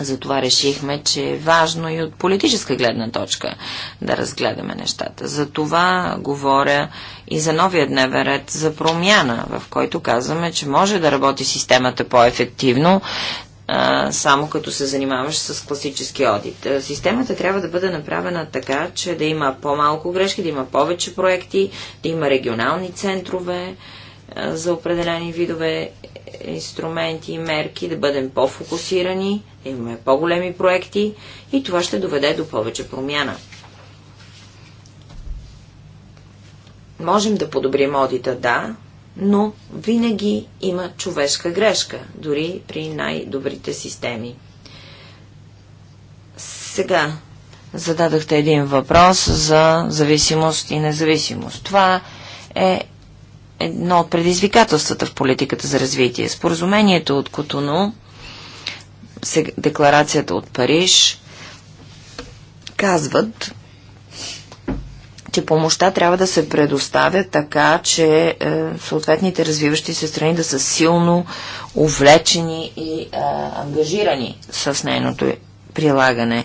Затова решихме, че е важно и от политическа гледна точка да разгледаме нещата. Затова говоря и за новия дневен ред за промяна, в който казваме, че може да работи системата по-ефективно, само като се занимаваш с класически одит. Системата трябва да бъде направена така, че да има по-малко грешки, да има повече проекти, да има регионални центрове за определени видове инструменти и мерки, да бъдем по-фокусирани, да имаме по-големи проекти и това ще доведе до повече промяна. Можем да подобрим одита, да, но винаги има човешка грешка, дори при най-добрите системи. Сега зададахте един въпрос за зависимост и независимост. Това е едно от предизвикателствата в политиката за развитие. Споразумението от Котону, декларацията от Париж, казват, че помощта трябва да се предоставя така, че е, съответните развиващи се страни да са силно увлечени и е, ангажирани с нейното прилагане.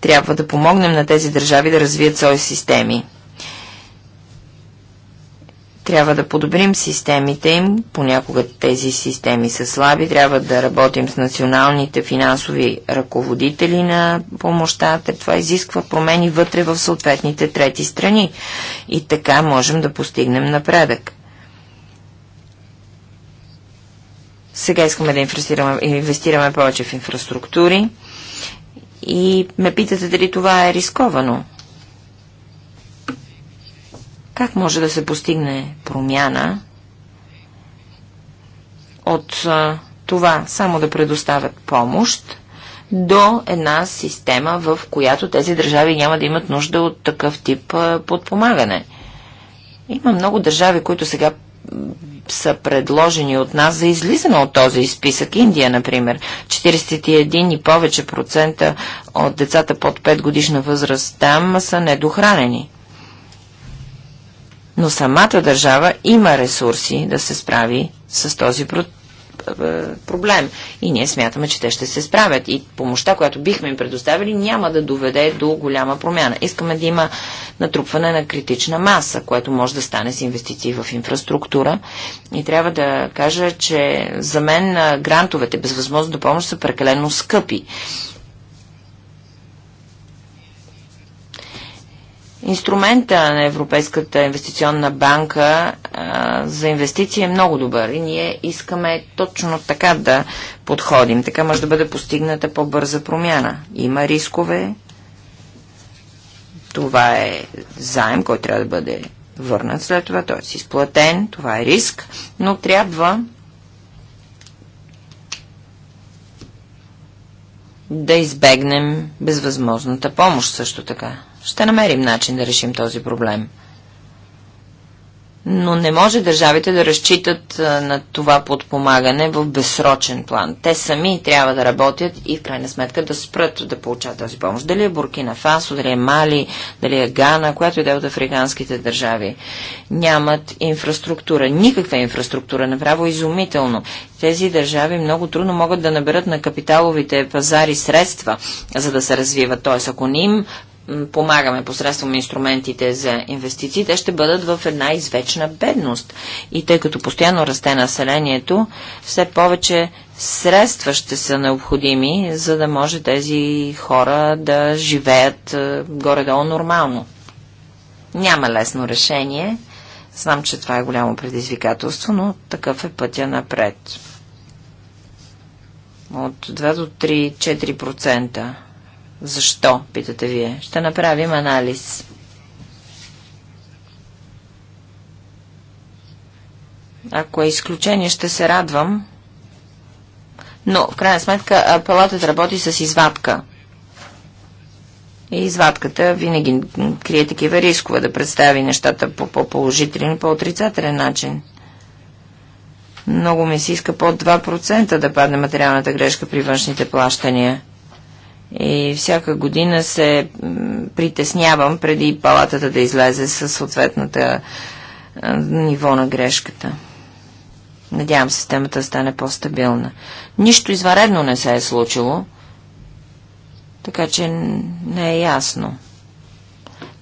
Трябва да помогнем на тези държави да развият свои системи. Трябва да подобрим системите им, понякога тези системи са слаби, трябва да работим с националните финансови ръководители на помощта, това изисква промени вътре в съответните трети страни и така можем да постигнем напредък. Сега искаме да инвестираме повече в инфраструктури и ме питате дали това е рисковано. Как може да се постигне промяна от това само да предоставят помощ до една система, в която тези държави няма да имат нужда от такъв тип подпомагане? Има много държави, които сега са предложени от нас за излизане от този списък. Индия, например, 41 и повече процента от децата под 5 годишна възраст там са недохранени но самата държава има ресурси да се справи с този е, проблем. И ние смятаме, че те ще се справят. И помощта, която бихме им предоставили, няма да доведе до голяма промяна. Искаме да има натрупване на критична маса, което може да стане с инвестиции в инфраструктура. И трябва да кажа, че за мен грантовете без до помощ са прекалено скъпи. Инструмента на Европейската инвестиционна банка а, за инвестиции е много добър и ние искаме точно така да подходим. Така може да бъде постигната по-бърза промяна. Има рискове. Това е заем, който трябва да бъде върнат след това, т.е. изплатен. Това е риск, но трябва да избегнем безвъзможната помощ също така. Ще намерим начин да решим този проблем. Но не може държавите да разчитат на това подпомагане в безсрочен план. Те сами трябва да работят и в крайна сметка да спрат да получат тази помощ. Дали е Буркина Фасо, дали е Мали, дали е Гана, която иде от африканските държави. Нямат инфраструктура, никаква инфраструктура, направо изумително. Тези държави много трудно могат да наберат на капиталовите пазари средства, за да се развиват. Тоест, ако не им помагаме посредством инструментите за инвестиции, те ще бъдат в една извечна бедност. И тъй като постоянно расте населението, все повече средства ще са необходими, за да може тези хора да живеят е, горе-долу нормално. Няма лесно решение. Знам, че това е голямо предизвикателство, но такъв е пътя напред. От 2 до 3-4%. Защо, питате вие? Ще направим анализ. Ако е изключение, ще се радвам. Но, в крайна сметка, палатът работи с извадка. И извадката винаги крие такива рискове да представи нещата по по-положителен и по-отрицателен начин. Много ми се иска под 2% да падне материалната грешка при външните плащания. И всяка година се притеснявам преди палатата да излезе с съответната ниво на грешката. Надявам системата да стане по-стабилна. Нищо изваредно не се е случило, така че не е ясно.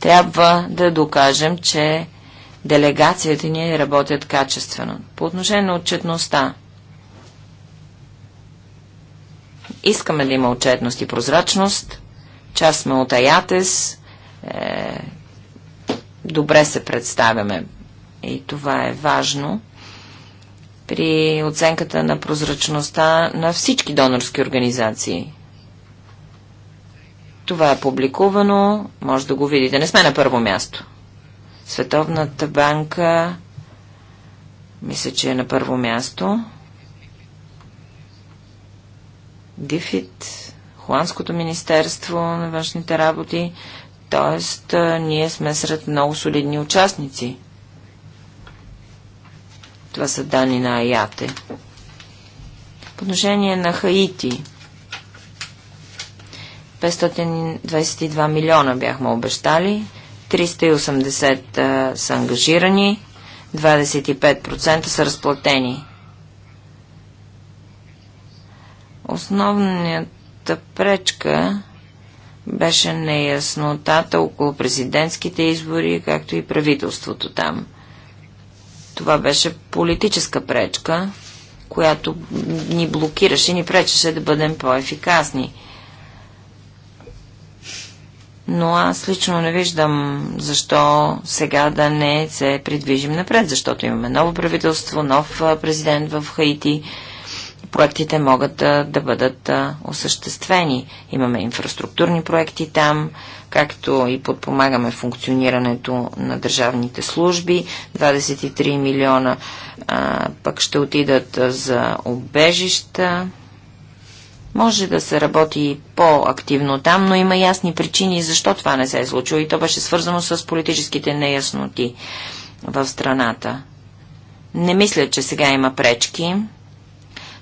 Трябва да докажем, че делегацията ни работят качествено. По отношение на отчетността, Искаме да има отчетност и прозрачност. Част сме от Аятес. Е, добре се представяме. И това е важно при оценката на прозрачността на всички донорски организации. Това е публикувано, може да го видите. Не сме на първо място. Световната банка мисля, че е на първо място. ГИФИТ, Холандското министерство на външните работи, т.е. ние сме сред много солидни участници. Това са данни на Аяте. По отношение на Хаити, 522 милиона бяхме обещали, 380 са ангажирани, 25% са разплатени. Основната пречка беше неяснотата около президентските избори, както и правителството там. Това беше политическа пречка, която ни блокираше, ни пречеше да бъдем по-ефикасни. Но аз лично не виждам защо сега да не се придвижим напред, защото имаме ново правителство, нов президент в Хаити проектите могат да, да бъдат а, осъществени. Имаме инфраструктурни проекти там, както и подпомагаме функционирането на държавните служби. 23 милиона а, пък ще отидат за обежища. Може да се работи по-активно там, но има ясни причини защо това не се е случило и то беше свързано с политическите неясноти в страната. Не мисля, че сега има пречки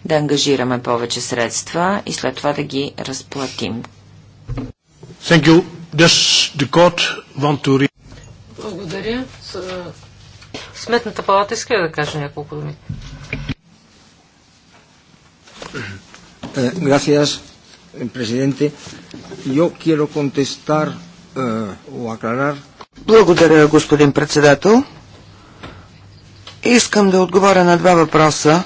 да ангажираме повече средства и след това да ги разплатим. To... Благодаря. Сметната палата иска да каже няколко думи. Eh, gracias, presidente. Yo quiero contestar eh, o aclarar. Благодаря, господин председател. Искам да отговоря на два въпроса,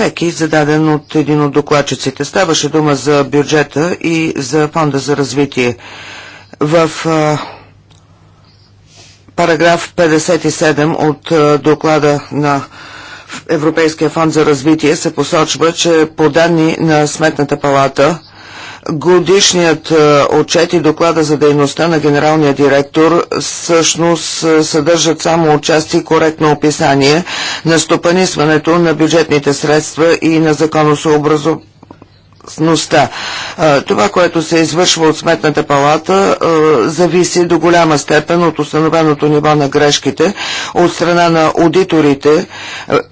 всеки зададен от един от докладчиците. Ставаше дума за бюджета и за фонда за развитие. В а, параграф 57 от а, доклада на Европейския фонд за развитие се посочва, че по данни на Сметната палата Годишният е, отчет и доклада за дейността на генералния директор всъщност е, съдържат само отчасти коректно описание на стопанисването на бюджетните средства и на законосъобразно е, Това, което се извършва от Сметната палата, зависи до голяма степен от установеното ниво на грешките от страна на аудиторите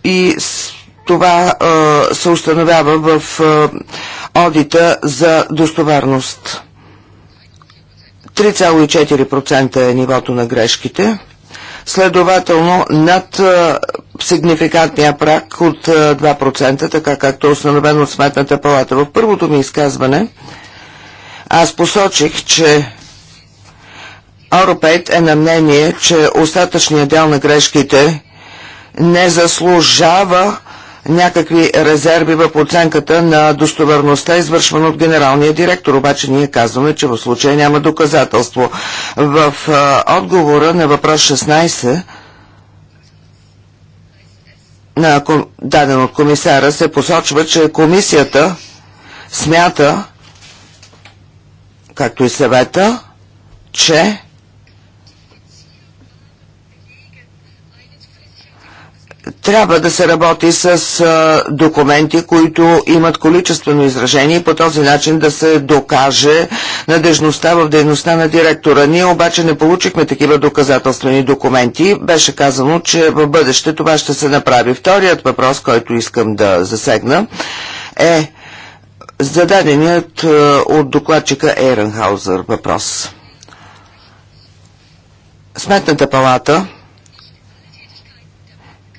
и това а, се установява в а, одита за достоверност. 3,4% е нивото на грешките, следователно над сигнификантния прак от 2%, така както е установено от Сметната палата. В първото ми изказване аз посочих, че Европейт е на мнение, че остатъчният дел на грешките не заслужава някакви резерви в оценката на достоверността, извършвана от генералния директор. Обаче ние казваме, че в случая няма доказателство. В а, отговора на въпрос 16 на, даден от комисара се посочва, че комисията смята, както и съвета, че трябва да се работи с документи, които имат количествено изражение и по този начин да се докаже надежността в дейността на директора. Ние обаче не получихме такива доказателствени документи. Беше казано, че в бъдеще това ще се направи. Вторият въпрос, който искам да засегна е зададеният от докладчика Ейренхаузер въпрос. Сметната палата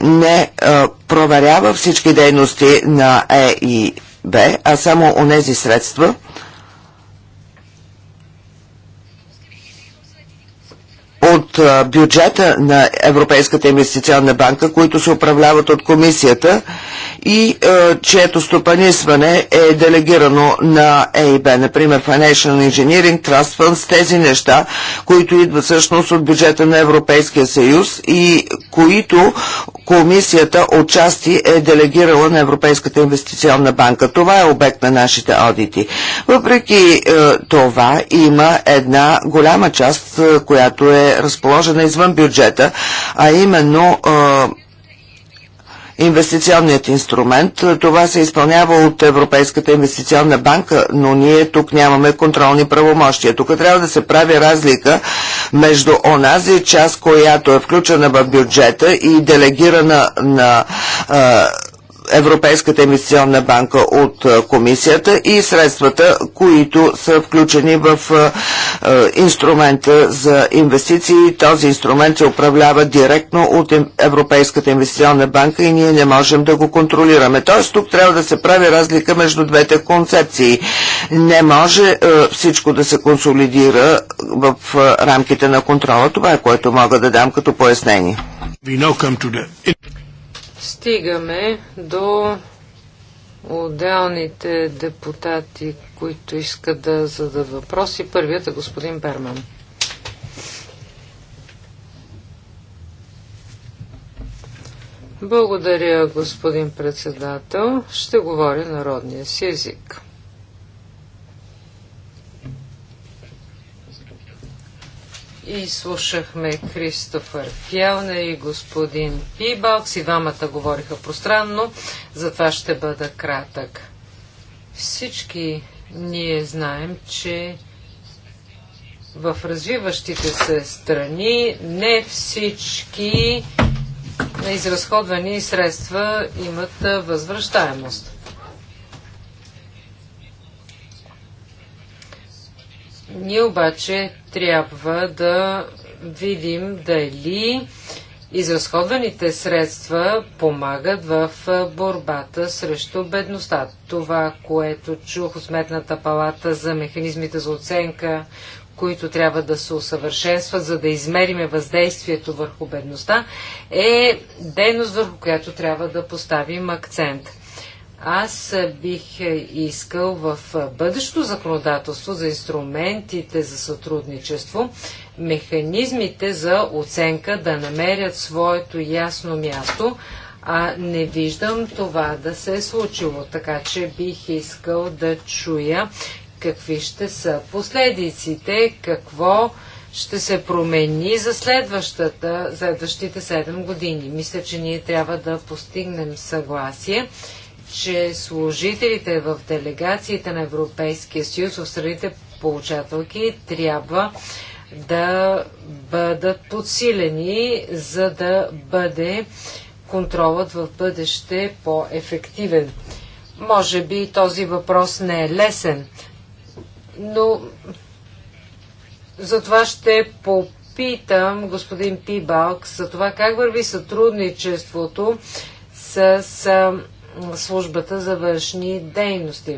не а, е, проверява всички дейности на Е и Б, а само онези средства, от е, бюджета на Европейската инвестиционна банка, които се управляват от комисията и е, чието стопанисване е делегирано на ЕИБ, например Financial Engineering, Trust Funds, тези неща, които идват всъщност от бюджета на Европейския съюз и които комисията отчасти е делегирала на Европейската инвестиционна банка. Това е обект на нашите аудити. Въпреки е, това има една голяма част, е, която е разположена извън бюджета, а именно е, инвестиционният инструмент. Това се изпълнява от Европейската инвестиционна банка, но ние тук нямаме контролни правомощия. Тук трябва да се прави разлика между онази част, която е включена в бюджета и делегирана на а, Европейската инвестиционна банка от е, комисията и средствата, които са включени в е, е, инструмента за инвестиции. Този инструмент се управлява директно от Европейската инвестиционна банка и ние не можем да го контролираме. Т.е. тук трябва да се прави разлика между двете концепции. Не може всичко да се консолидира в рамките на контрола. Това е което мога да дам като пояснение стигаме до отделните депутати, които искат да зададат въпроси. Първият е господин Берман. Благодаря, господин председател. Ще говори народния си език. И слушахме Кристофър Фялне и господин Пибалкс. И двамата говориха пространно, затова ще бъда кратък. Всички ние знаем, че в развиващите се страни не всички изразходвани средства имат възвръщаемост. Ние обаче трябва да видим дали изразходваните средства помагат в борбата срещу бедността. Това, което чух от Сметната палата за механизмите за оценка, които трябва да се усъвършенстват, за да измериме въздействието върху бедността, е дейност, върху която трябва да поставим акцент. Аз бих искал в бъдещото законодателство за инструментите за сътрудничество, механизмите за оценка да намерят своето ясно място, а не виждам това да се е случило. Така че бих искал да чуя какви ще са последиците, какво ще се промени за следващата, следващите 7 години. Мисля, че ние трябва да постигнем съгласие че служителите в делегациите на Европейския съюз в страните получателки трябва да бъдат подсилени, за да бъде контролът в бъдеще по-ефективен. Може би този въпрос не е лесен, но затова ще попитам господин Пибалк за това как върви сътрудничеството с службата за външни дейности.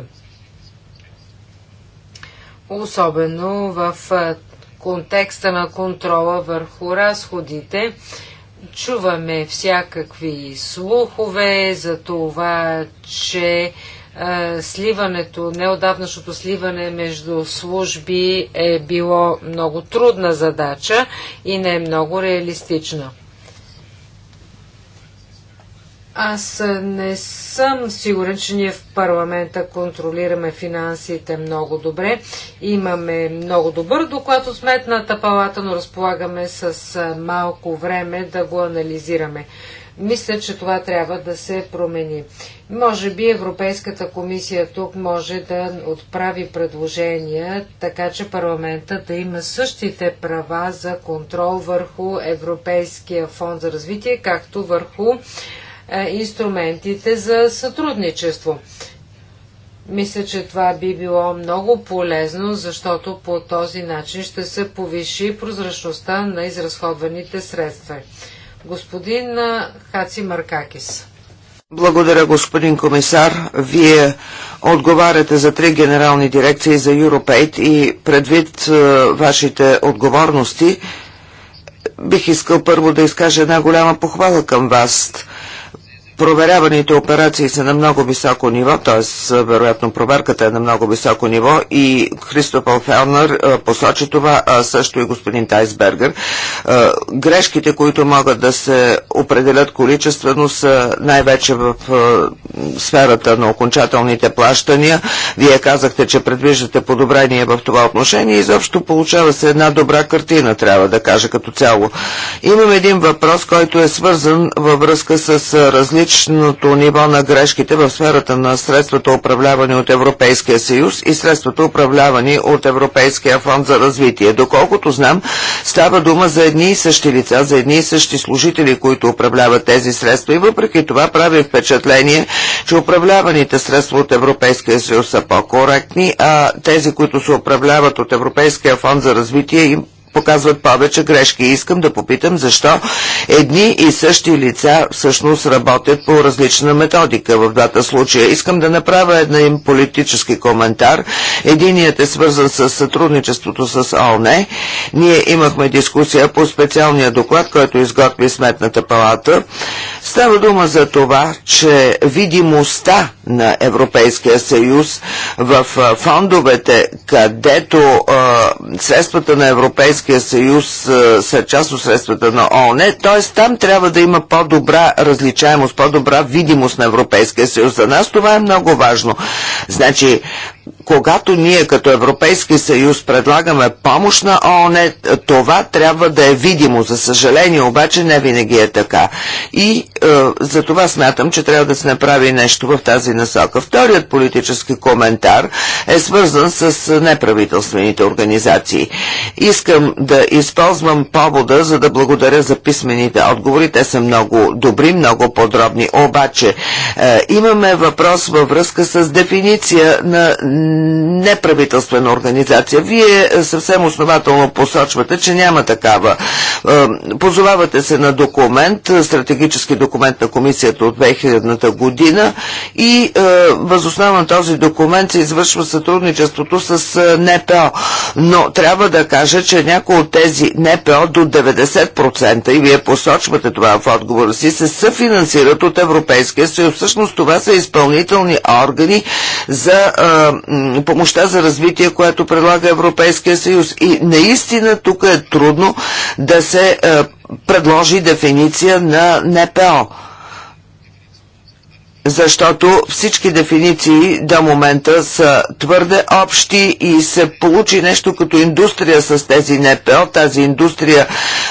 Особено в контекста на контрола върху разходите. Чуваме всякакви слухове за това, че сливането, неодавнашното сливане между служби е било много трудна задача и не е много реалистична. Аз не съм сигурен, че ние в парламента контролираме финансите много добре. Имаме много добър доклад от сметната палата, но разполагаме с малко време да го анализираме. Мисля, че това трябва да се промени. Може би Европейската комисия тук може да отправи предложения, така че парламента да има същите права за контрол върху Европейския фонд за развитие, както върху е, инструментите за сътрудничество. Мисля, че това би било много полезно, защото по този начин ще се повиши прозрачността на изразходваните средства. Господин е, Хаци Маркакис. Благодаря, господин комисар. Вие отговаряте за три генерални дирекции за Европейт и предвид е, вашите отговорности, бих искал първо да изкажа една голяма похвала към вас – проверяваните операции са на много високо ниво, т.е. вероятно проверката е на много високо ниво и Христопъл Фелнер посочи това, а също и господин Тайсбергер. Грешките, които могат да се определят количествено са най-вече в сферата на окончателните плащания. Вие казахте, че предвиждате подобрение в това отношение и заобщо получава се една добра картина, трябва да кажа като цяло. Имам един въпрос, който е свързан във връзка с различни различното ниво на грешките в сферата на средствата управлявани от Европейския съюз и средствата управлявани от Европейския фонд за развитие. Доколкото знам, става дума за едни и същи лица, за едни и същи служители, които управляват тези средства и въпреки това прави впечатление, че управляваните средства от Европейския съюз са по-коректни, а тези, които се управляват от Европейския фонд за развитие, им показват повече грешки. Искам да попитам защо едни и същи лица всъщност работят по различна методика в двата случая. Искам да направя една им политически коментар. Единият е свързан с сътрудничеството с ОНЕ. Ние имахме дискусия по специалния доклад, който изготви Сметната палата. Става дума за това, че видимостта на Европейския съюз в фондовете, където а, средствата на Европейския Европейския съюз са част от средствата на ООН, т.е. там трябва да има по-добра различаемост, по-добра видимост на Европейския съюз. За нас това е много важно. Значи, когато ние като Европейски съюз предлагаме помощ на ООН, това трябва да е видимо. За съжаление обаче не винаги е така. И е, за това смятам, че трябва да се направи нещо в тази насока. Вторият политически коментар е свързан с неправителствените организации. Искам да използвам повода, за да благодаря за писмените отговори. Те са много добри, много подробни. Обаче е, имаме въпрос във връзка с дефиниция на неправителствена организация. Вие съвсем основателно посочвате, че няма такава. Е, позовавате се на документ, стратегически документ на комисията от 2000-та година и е, възоснова на този документ се извършва сътрудничеството с е, НПО. Но трябва да кажа, че някои от тези НПО до 90% и вие посочвате това в отговора си, се съфинансират от Европейския съюз. Всъщност това са изпълнителни органи за а, помощта за развитие, която предлага Европейския съюз. И наистина тук е трудно да се е, предложи дефиниция на НПО защото всички дефиниции до момента са твърде общи и се получи нещо като индустрия с тези НПО. Тази индустрия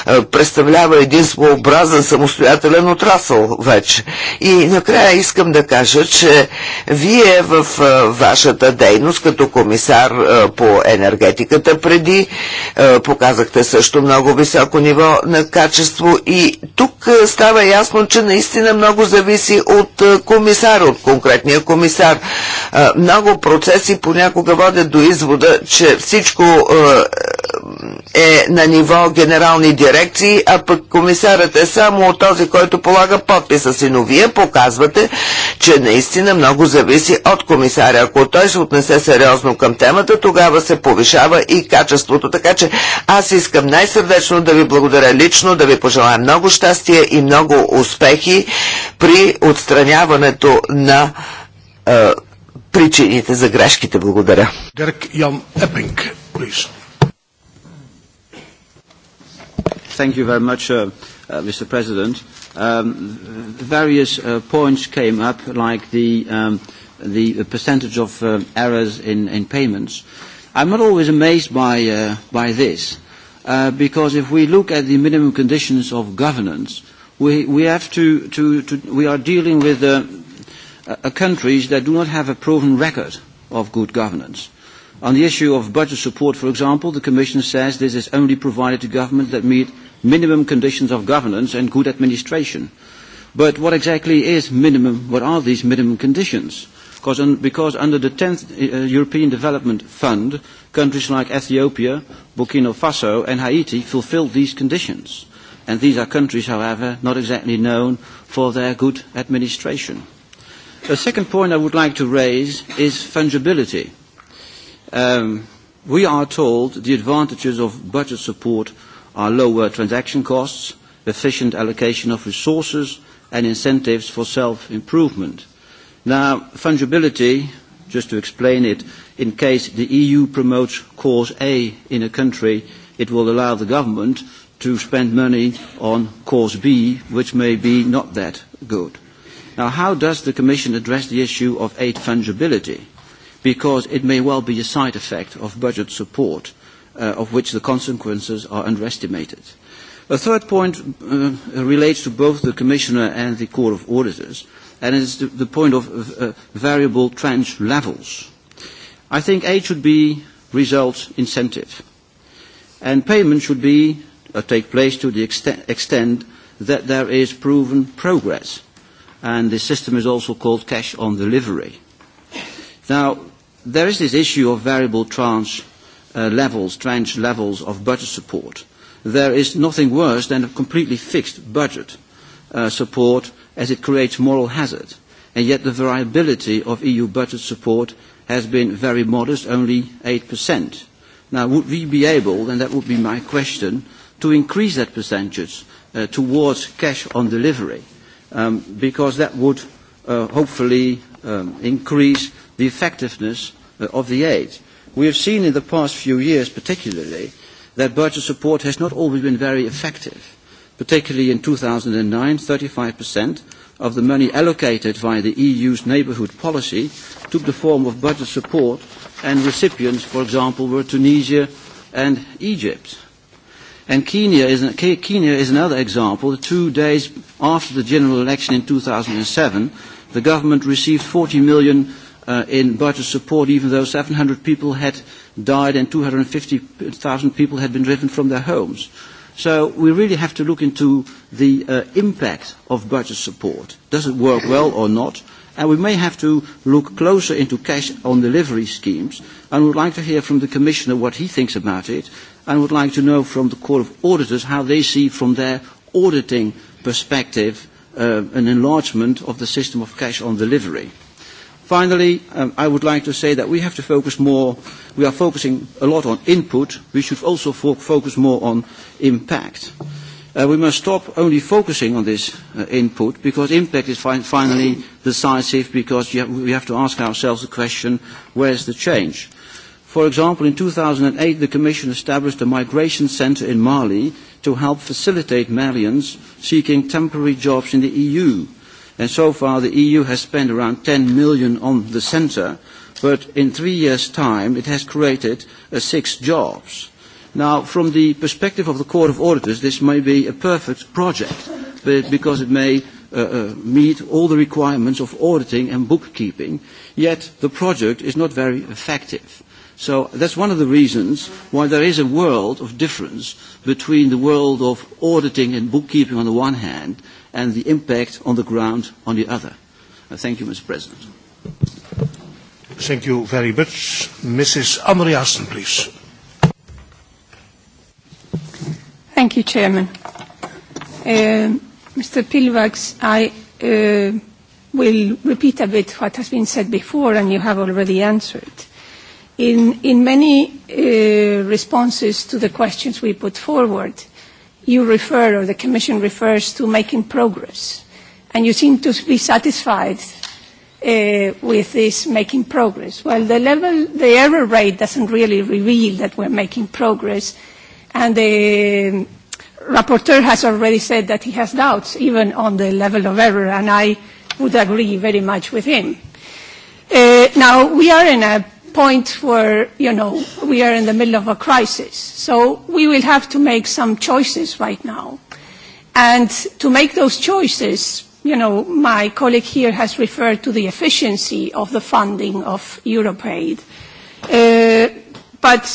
е, представлява един своеобразен самостоятелен отрасъл вече. И накрая искам да кажа, че вие в е, вашата дейност като комисар е, по енергетиката преди показахте също много високо ниво на качество и тук става ясно, че наистина много зависи от комисията комисар, от конкретния комисар. Много процеси понякога водят до извода, че всичко е на ниво генерални дирекции, а пък комисарът е само този, който полага подписа си, но вие показвате, че наистина много зависи от комисаря. Ако той се отнесе сериозно към темата, тогава се повишава и качеството. Така че аз искам най-сърдечно да ви благодаря лично, да ви пожелая много щастие и много успехи при отстраняването на е, причините за грешките. Благодаря. Дерк Ян Епинг, please. thank you very much, uh, uh, Mr. President. Um, various uh, points came up, like the, um, the percentage of uh, errors in, in payments. I'm not always amazed by, uh, by this, uh, because if we look at the minimum conditions of governance, we, we, have to, to, to, we are dealing with uh, uh, countries that do not have a proven record of good governance. On the issue of budget support, for example, the Commission says this is only provided to governments that meet minimum conditions of governance and good administration. But what exactly is minimum, what are these minimum conditions? Because, un, because under the 10th uh, European Development Fund, countries like Ethiopia, Burkina Faso and Haiti fulfill these conditions. And these are countries, however, not exactly known for their good administration. A second point I would like to raise is fungibility. Um, we are told the advantages of budget support are lower transaction costs, efficient allocation of resources, and incentives for self-improvement. Now, fungibility, just to explain it, in case the EU promotes cause A in a country, it will allow the government to spend money on cause B, which may be not that good. Now, how does the Commission address the issue of aid fungibility? Because it may well be a side effect of budget support uh, of which the consequences are underestimated. A third point uh, relates to both the Commissioner and the Court of Auditors, and is the, the point of uh, variable tranche levels. I think aid should be results incentive, and payment should be uh, take place to the extent, extent that there is proven progress, and the system is also called cash on delivery. Now, there is this issue of variable tranche levels, tranche levels of budget support. There is nothing worse than a completely fixed budget uh, support as it creates moral hazard. And yet the variability of EU budget support has been very modest, only 8%. Now, would we be able, and that would be my question, to increase that percentage uh, towards cash on delivery? Um, because that would uh, hopefully um, increase the effectiveness uh, of the aid We have seen in the past few years particularly that budget support has not always been very effective. Particularly in 2009, 35% of the money allocated via the EU's neighbourhood policy took the form of budget support and recipients, for example, were Tunisia and Egypt. And Kenya is, Kenya is another example. Two days after the general election in 2007, the government received 40 million uh, in budget support, even though 700 people had died and 250,000 people had been driven from their homes. So we really have to look into the uh, impact of budget support. Does it work well or not? And we may have to look closer into cash on delivery schemes. And would like to hear from the Commissioner what he thinks about it. And would like to know from the Court of Auditors how they see from their auditing perspective uh, an enlargement of the system of cash on delivery. Finally, um, I would like to say that we have to focus more, we are focusing a lot on input, we should also fo focus more on impact. Uh, we must stop only focusing on this uh, input because impact is fi finally decisive because you have, we have to ask ourselves the question, where is the change? For example, in 2008 the Commission established a migration centre in Mali to help facilitate Malians seeking temporary jobs in the EU. And so far, the EU has spent around 10 million on the centre, but in three years' time, it has created uh, six jobs. Now, from the perspective of the Court of Auditors, this may be a perfect project, but because it may uh, uh, meet all the requirements of auditing and bookkeeping, yet the project is not very effective. So that's one of the reasons why there is a world of difference between the world of auditing and bookkeeping on the one hand and the impact on the ground on the other. thank you, Mr. President. Thank you very much. Mrs. Andreasen, please. Thank you, Chairman. Uh, Mr. Pilvax, I uh, will repeat a bit what has been said before, and you have already answered. In, in many uh, responses to the questions we put forward, you refer or the Commission refers to making progress, and you seem to be satisfied uh, with this making progress. Well, the level, the error rate doesn't really reveal that we're making progress, and the rapporteur has already said that he has doubts even on the level of error, and I would agree very much with him. Uh, now, we are in a point where, you know, we are in the middle of a crisis. So we will have to make some choices right now. And to make those choices, you know, my colleague here has referred to the efficiency of the funding of Europaid. Uh, but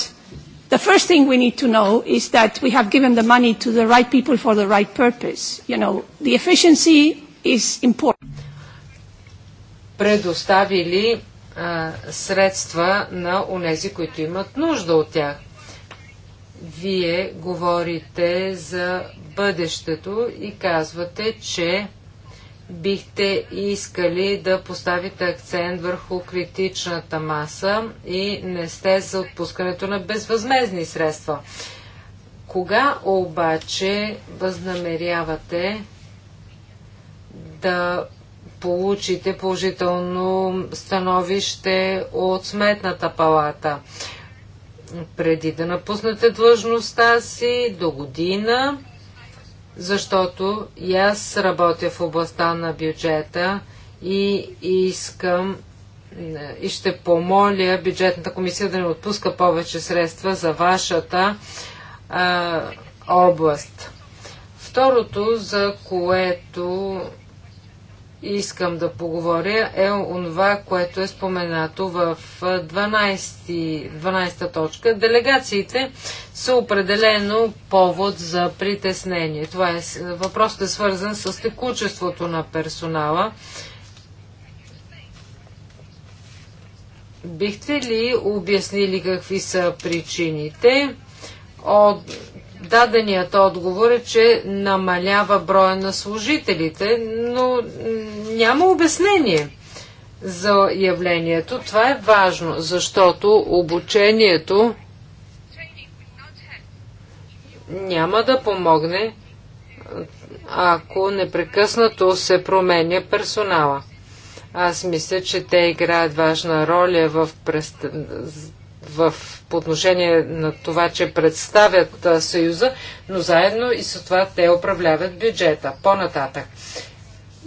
the first thing we need to know is that we have given the money to the right people for the right purpose. You know, the efficiency is important а, средства на онези, които имат нужда от тях. Вие говорите за бъдещето и казвате, че бихте искали да поставите акцент върху критичната маса и не сте за отпускането на безвъзмезни средства. Кога обаче възнамерявате да получите положително становище от Сметната палата. Преди да напуснете длъжността си до година, защото и аз работя в областта на бюджета и искам и ще помоля бюджетната комисия да не отпуска повече средства за вашата а, област. Второто, за което искам да поговоря е онова, което е споменато в 12, та точка. Делегациите са определено повод за притеснение. Това е, въпросът е свързан с текучеството на персонала. Бихте ли обяснили какви са причините? От, Даденият отговор е, че намалява броя на служителите, но няма обяснение за явлението. Това е важно, защото обучението няма да помогне, ако непрекъснато се променя персонала. Аз мисля, че те играят важна роля в в, по отношение на това, че представят а, Съюза, но заедно и с това те управляват бюджета. По-нататък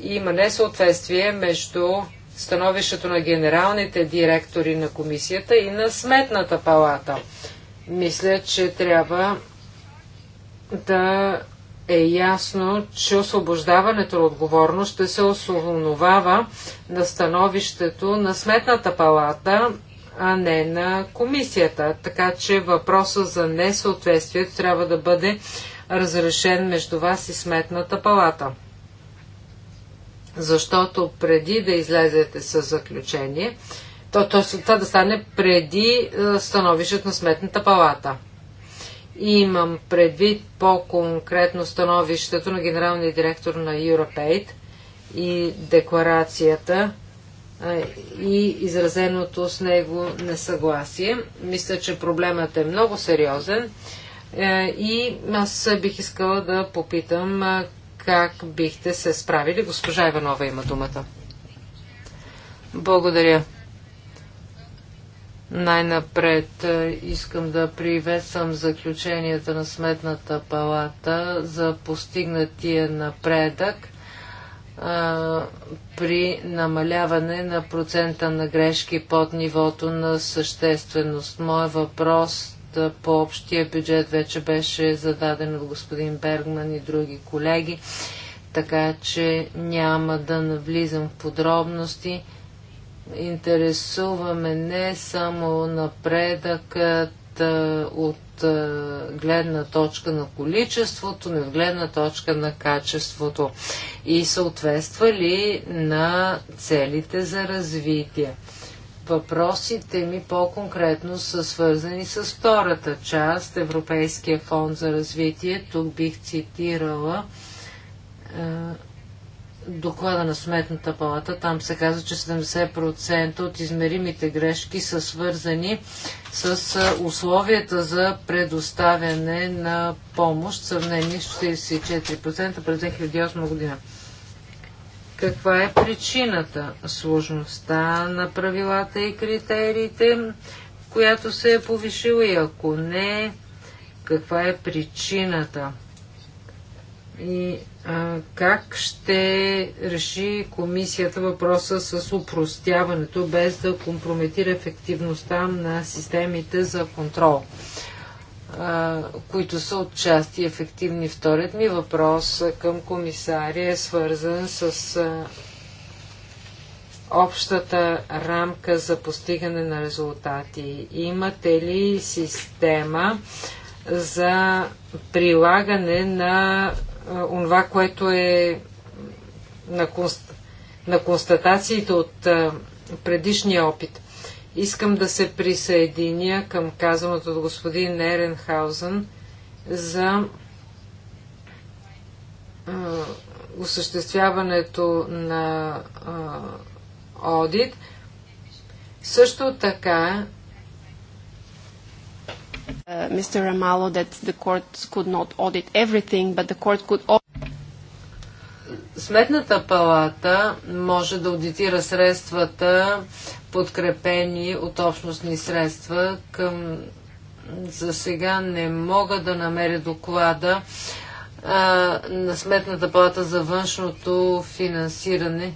има несъответствие между становището на генералните директори на комисията и на сметната палата. Мисля, че трябва да е ясно, че освобождаването на отговорност ще се основава на становището на Сметната палата а не на комисията. Така че въпроса за несъответствието трябва да бъде разрешен между вас и сметната палата. Защото преди да излезете с заключение, то, то, това да стане преди е, становището на сметната палата. Имам предвид по-конкретно становището на генералния директор на Europaid и декларацията, и изразеното с него несъгласие. Мисля, че проблемът е много сериозен е, и аз бих искала да попитам как бихте се справили. Госпожа Иванова има думата. Благодаря. Най-напред е, искам да приветствам заключенията на Сметната палата за постигнатия напредък – а, при намаляване на процента на грешки под нивото на същественост. Моя въпрос по общия бюджет вече беше зададен от господин Бергман и други колеги, така че няма да навлизам в подробности интересуваме не само напредъкът е, от е, гледна точка на количеството, не от гледна точка на качеството и съответства ли на целите за развитие. Въпросите ми по-конкретно са свързани с втората част, Европейския фонд за развитие. Тук бих цитирала е, доклада на Сметната палата, там се казва, че 70% от измеримите грешки са свързани с условията за предоставяне на помощ, в сравнение с 44% през 2008 година. Каква е причината? Сложността на правилата и критериите, която се е повишила и ако не, каква е причината? и а, как ще реши комисията въпроса с упростяването, без да компрометира ефективността на системите за контрол, а, които са отчасти ефективни. Вторият ми въпрос към комисария е свързан с а, общата рамка за постигане на резултати. Имате ли система за прилагане на онова, което е на, конст... на констатациите от а, предишния опит. Искам да се присъединя към казаното от господин Еренхаузен за а, осъществяването на а, одит. Също така Uh, Mr. Ramallo, that the court could not audit everything, but the court could Сметната палата може да аудитира средствата, подкрепени от общностни средства. Към... За сега не мога да намеря доклада а, на Сметната палата за външното финансиране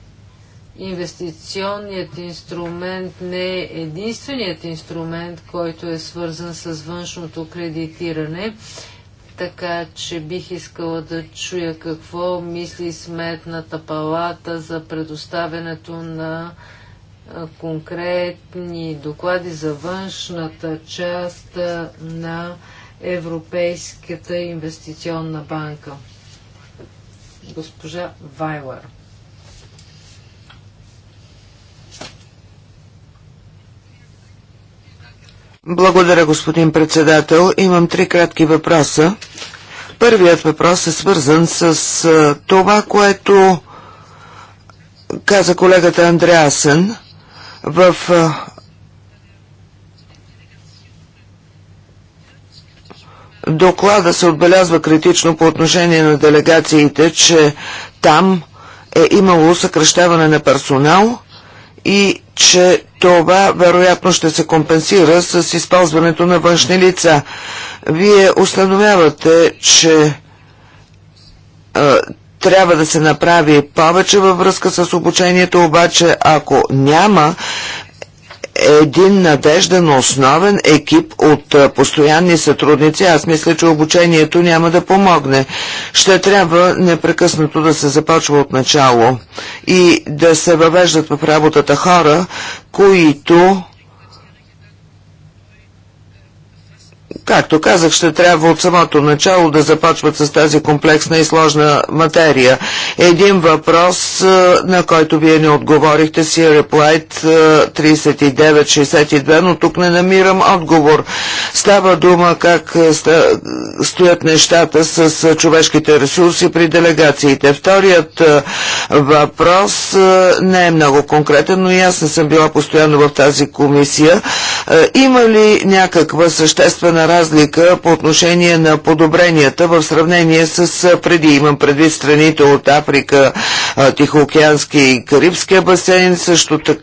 инвестиционният инструмент не е единственият инструмент, който е свързан с външното кредитиране, така че бих искала да чуя какво мисли сметната палата за предоставянето на конкретни доклади за външната част на Европейската инвестиционна банка. Госпожа Вайлер. Благодаря, господин председател. Имам три кратки въпроса. Първият въпрос е свързан с това, което каза колегата Андреасен в доклада се отбелязва критично по отношение на делегациите, че там е имало съкръщаване на персонал и че това вероятно ще се компенсира с използването на външни лица. Вие установявате, че а, трябва да се направи повече във връзка с обучението, обаче ако няма един надежден основен екип от постоянни сътрудници, аз мисля, че обучението няма да помогне. Ще трябва непрекъснато да се започва от начало и да се въвеждат в работата хора, които Както казах, ще трябва от самото начало да започват с тази комплексна и сложна материя. Един въпрос, е, на който вие не отговорихте си е 3962, е, но тук не намирам отговор. Става дума как е, стоят нещата с човешките ресурси при делегациите. Вторият въпрос не е много конкретен, но и аз не съм била постоянно в тази комисия. Има ли някаква съществена разлика по отношение на подобренията в сравнение с преди. Имам предвид страните от Африка, Тихоокеански и Карибския басейн, също така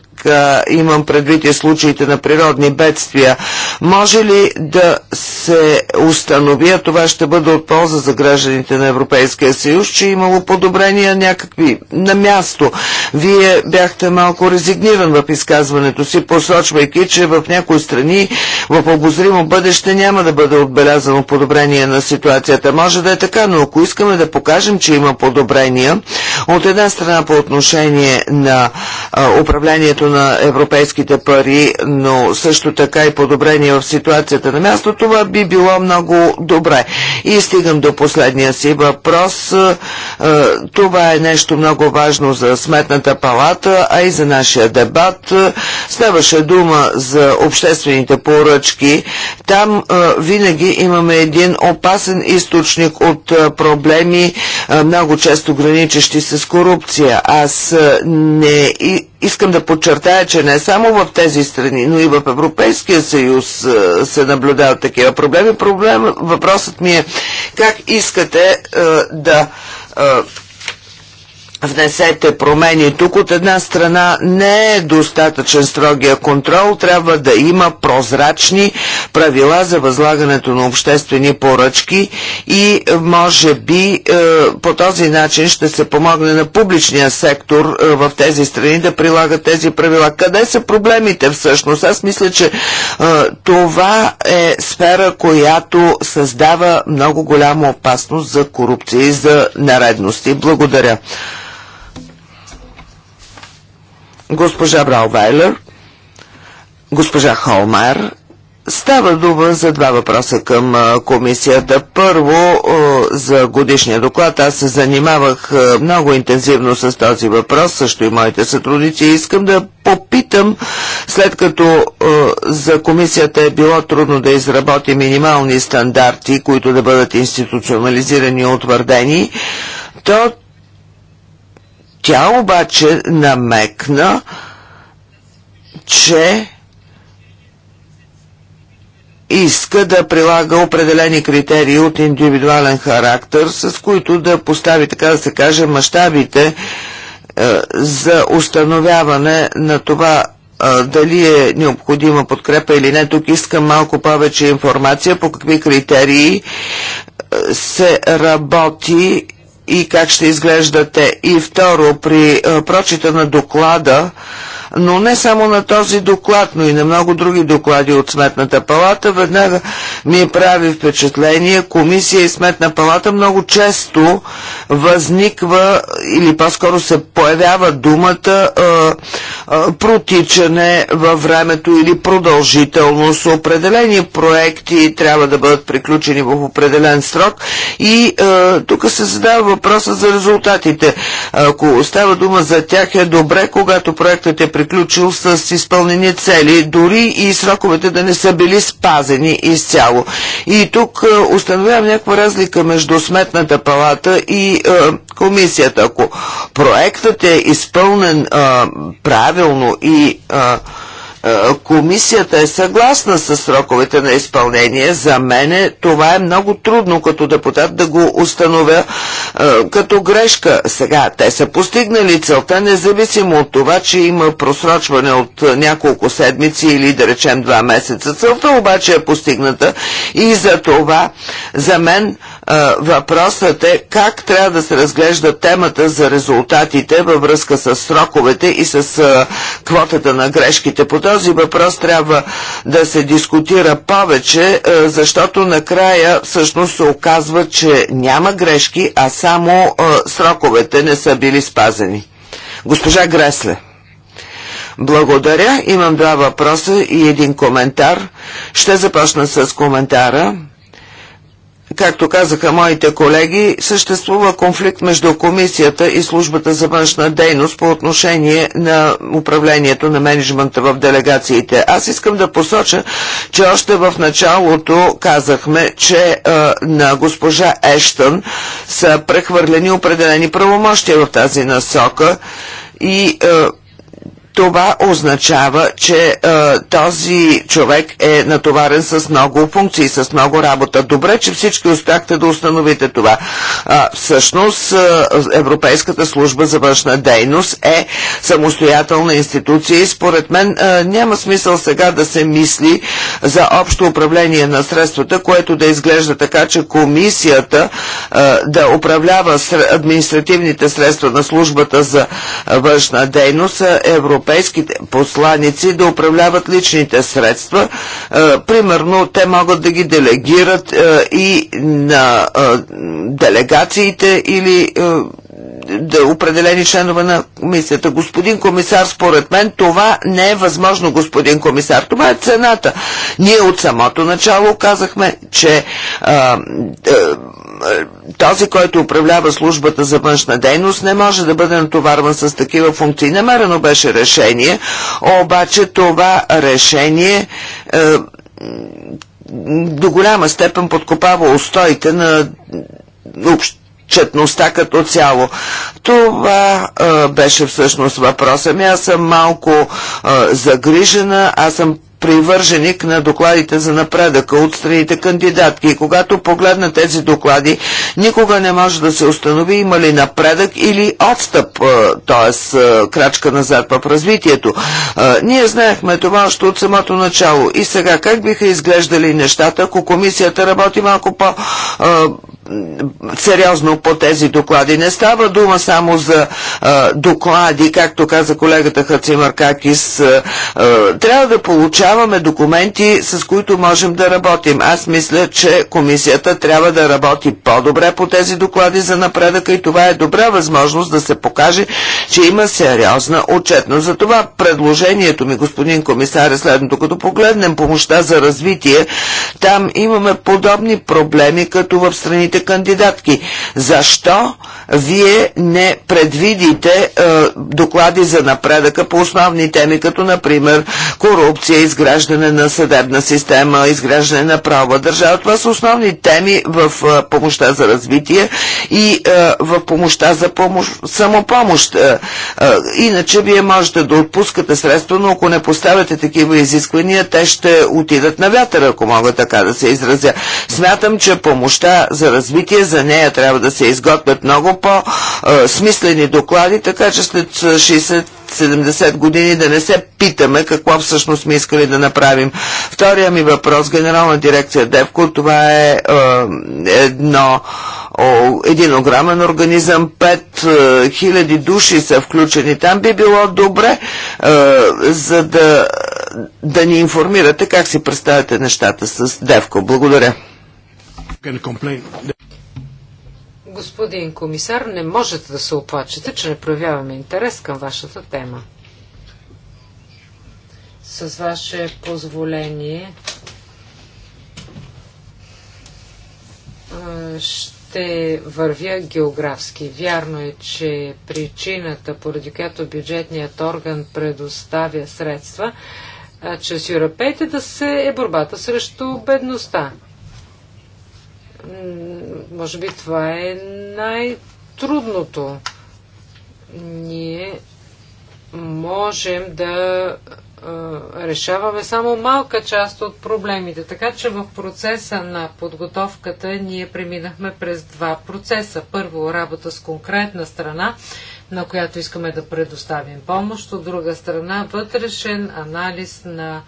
имам предвид и случаите на природни бедствия. Може ли да се установи, а това ще бъде от полза за гражданите на Европейския съюз, че е имало подобрения някакви на място? Вие бяхте малко резигниран в изказването си, посочвайки, че в някои страни в обозримо бъдеще няма да бъде отбелязано подобрение на ситуацията. Може да е така, но ако искаме да покажем, че има подобрения, от една страна по отношение на а, управлението на европейските пари, но също така и подобрение в ситуацията на място, това би било много добре. И стигам до последния си въпрос. Е, това е нещо много важно за Сметната палата, а и за нашия дебат. Е, ставаше дума за обществените поръчки. Там е, винаги имаме един опасен източник от проблеми, много често граничещи с корупция. Аз не Искам да подчертая, че не само в тези страни, но и в Европейския съюз е, се наблюдават такива проблеми. Проблем, въпросът ми е как искате е, да е, внесете промени тук. От една страна не е достатъчен строгия контрол, трябва да има прозрачни правила за възлагането на обществени поръчки и е, може би е, по този начин ще се помогне на публичния сектор е, в тези страни да прилагат тези правила. Къде са проблемите всъщност? Аз мисля, че това е сфера, която създава много голяма опасност за корупция и за наредности. Благодаря госпожа Браувайлер, госпожа Холмар, Става дума за два въпроса към комисията. Първо, за годишния доклад. Аз се занимавах много интензивно с този въпрос, също и моите сътрудници. Искам да попитам, след като за комисията е било трудно да изработи минимални стандарти, които да бъдат институционализирани и утвърдени, то тя обаче намекна, че иска да прилага определени критерии от индивидуален характер, с които да постави, така да се каже, мащабите е, за установяване на това е, дали е необходима подкрепа или не. Тук искам малко повече информация по какви критерии е, се работи и как ще изглеждате, И второ, при прочита на доклада но не само на този доклад, но и на много други доклади от Сметната палата. Веднага ми прави впечатление, комисия и Сметна палата много често възниква или по-скоро се появява думата а, а, протичане във времето или продължителност. Определени проекти трябва да бъдат приключени в определен срок и а, тук се задава въпроса за резултатите. Ако става дума за тях е добре, когато проектът е приключил с изпълнени цели, дори и сроковете да не са били спазени изцяло. И тук е, установявам някаква разлика между Сметната палата и е, комисията. Ако проектът е изпълнен е, правилно и е, е, комисията е съгласна с сроковете на изпълнение. За мене това е много трудно като депутат да го установя е, като грешка. Сега, те са постигнали целта, независимо от това, че има просрочване от няколко седмици или да речем два месеца. Целта обаче е постигната и за това за мен Въпросът е как трябва да се разглежда темата за резултатите във връзка с сроковете и с квотата на грешките. По този въпрос трябва да се дискутира повече, защото накрая всъщност се оказва, че няма грешки, а само сроковете не са били спазени. Госпожа Гресле. Благодаря. Имам два въпроса и един коментар. Ще започна с коментара както казаха моите колеги, съществува конфликт между комисията и службата за външна дейност по отношение на управлението на менеджмента в делегациите. Аз искам да посоча, че още в началото казахме, че а, на госпожа Ештън са прехвърлени определени правомощия в тази насока и а, това означава, че е, този човек е натоварен с много функции, с много работа. Добре, че всички успяхте да установите това. А, всъщност, е, Европейската служба за външна дейност е самостоятелна институция и според мен е, няма смисъл сега да се мисли за общо управление на средствата, което да изглежда така, че комисията е, да управлява административните средства на службата за външна дейност е европейските посланици да управляват личните средства. Е, примерно, те могат да ги делегират е, и на е, делегациите или да определени членове на комисията. Господин комисар, според мен това не е възможно, господин комисар. Това е цената. Ние от самото начало казахме, че а, а, е, този, който управлява службата за външна дейност, не може да бъде натоварван с такива функции. Намерено беше решение, обаче това решение е, до голяма степен подкопава устоите на общ, четността като цяло. Това а, е, беше всъщност въпроса ми. Аз съм малко а, загрижена, аз съм привърженик на докладите за напредъка от страните кандидатки. И когато погледна тези доклади, никога не може да се установи има ли напредък или отстъп, т.е. крачка назад в развитието. Ние знаехме това още от самото начало. И сега как биха изглеждали нещата, ако комисията работи малко по сериозно по тези доклади. Не става дума само за а, доклади, както каза колегата Хацимаркакис. А, а, трябва да получаваме документи, с които можем да работим. Аз мисля, че комисията трябва да работи по-добре по тези доклади за напредъка и това е добра възможност да се покаже, че има сериозна отчетност. Затова предложението ми, господин комисар, е следното. Като погледнем помощта за развитие, там имаме подобни проблеми, като в страните, кандидатки. Защо вие не предвидите е, доклади за напредъка по основни теми, като например корупция, изграждане на съдебна система, изграждане на права държава? Това са основни теми в е, помощта за развитие и е, в помощта за помощ, самопомощ. Е, е, иначе вие можете да отпускате средства, но ако не поставяте такива изисквания, те ще отидат на вятъра, ако мога така да се изразя. Смятам, че помощта за развитие развитие. За нея трябва да се изготвят много по-смислени доклади, така че след 60 70 години да не се питаме какво всъщност сме искали да направим. Втория ми въпрос, генерална дирекция Девко, това е, е едно, о, един огромен организъм, 5000 е, души са включени там, би било добре е, за да, да ни информирате как си представяте нещата с Девко. Благодаря. Господин комисар, не можете да се оплачете, че не проявяваме интерес към вашата тема. С ваше позволение ще вървя географски. Вярно е, че причината, поради която бюджетният орган предоставя средства, чрез европейте да се е борбата срещу бедността. Може би това е най-трудното. Ние можем да решаваме само малка част от проблемите. Така че в процеса на подготовката ние преминахме през два процеса. Първо работа с конкретна страна, на която искаме да предоставим помощ. От друга страна вътрешен анализ на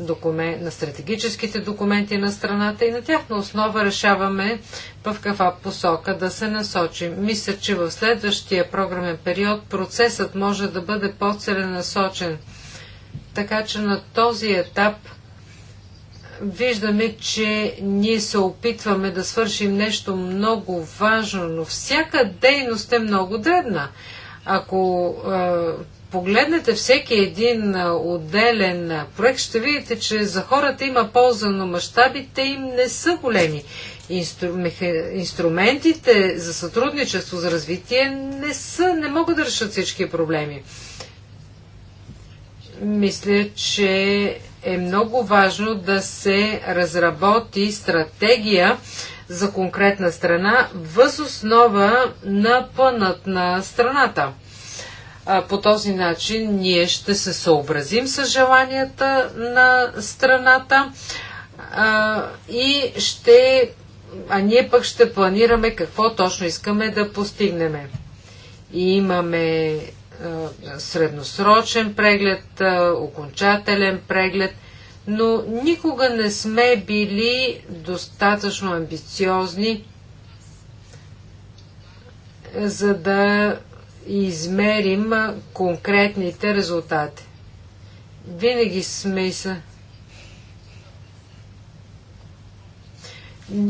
документ, на стратегическите документи на страната и на тяхна основа решаваме в каква посока да се насочим. Мисля, че в следващия програмен период процесът може да бъде по-целенасочен. Така че на този етап виждаме, че ние се опитваме да свършим нещо много важно, но всяка дейност е много дребна. Ако е, погледнете всеки един отделен проект, ще видите, че за хората има полза, но мащабите им не са големи. Инстру... Меха... Инструментите за сътрудничество, за развитие не, са, не могат да решат всички проблеми. Мисля, че е много важно да се разработи стратегия за конкретна страна въз основа на пънат на страната. По този начин ние ще се съобразим с желанията на страната и ще. А ние пък ще планираме какво точно искаме да постигнем. И имаме средносрочен преглед, окончателен преглед, но никога не сме били достатъчно амбициозни, за да измерим конкретните резултати. Винаги сме са.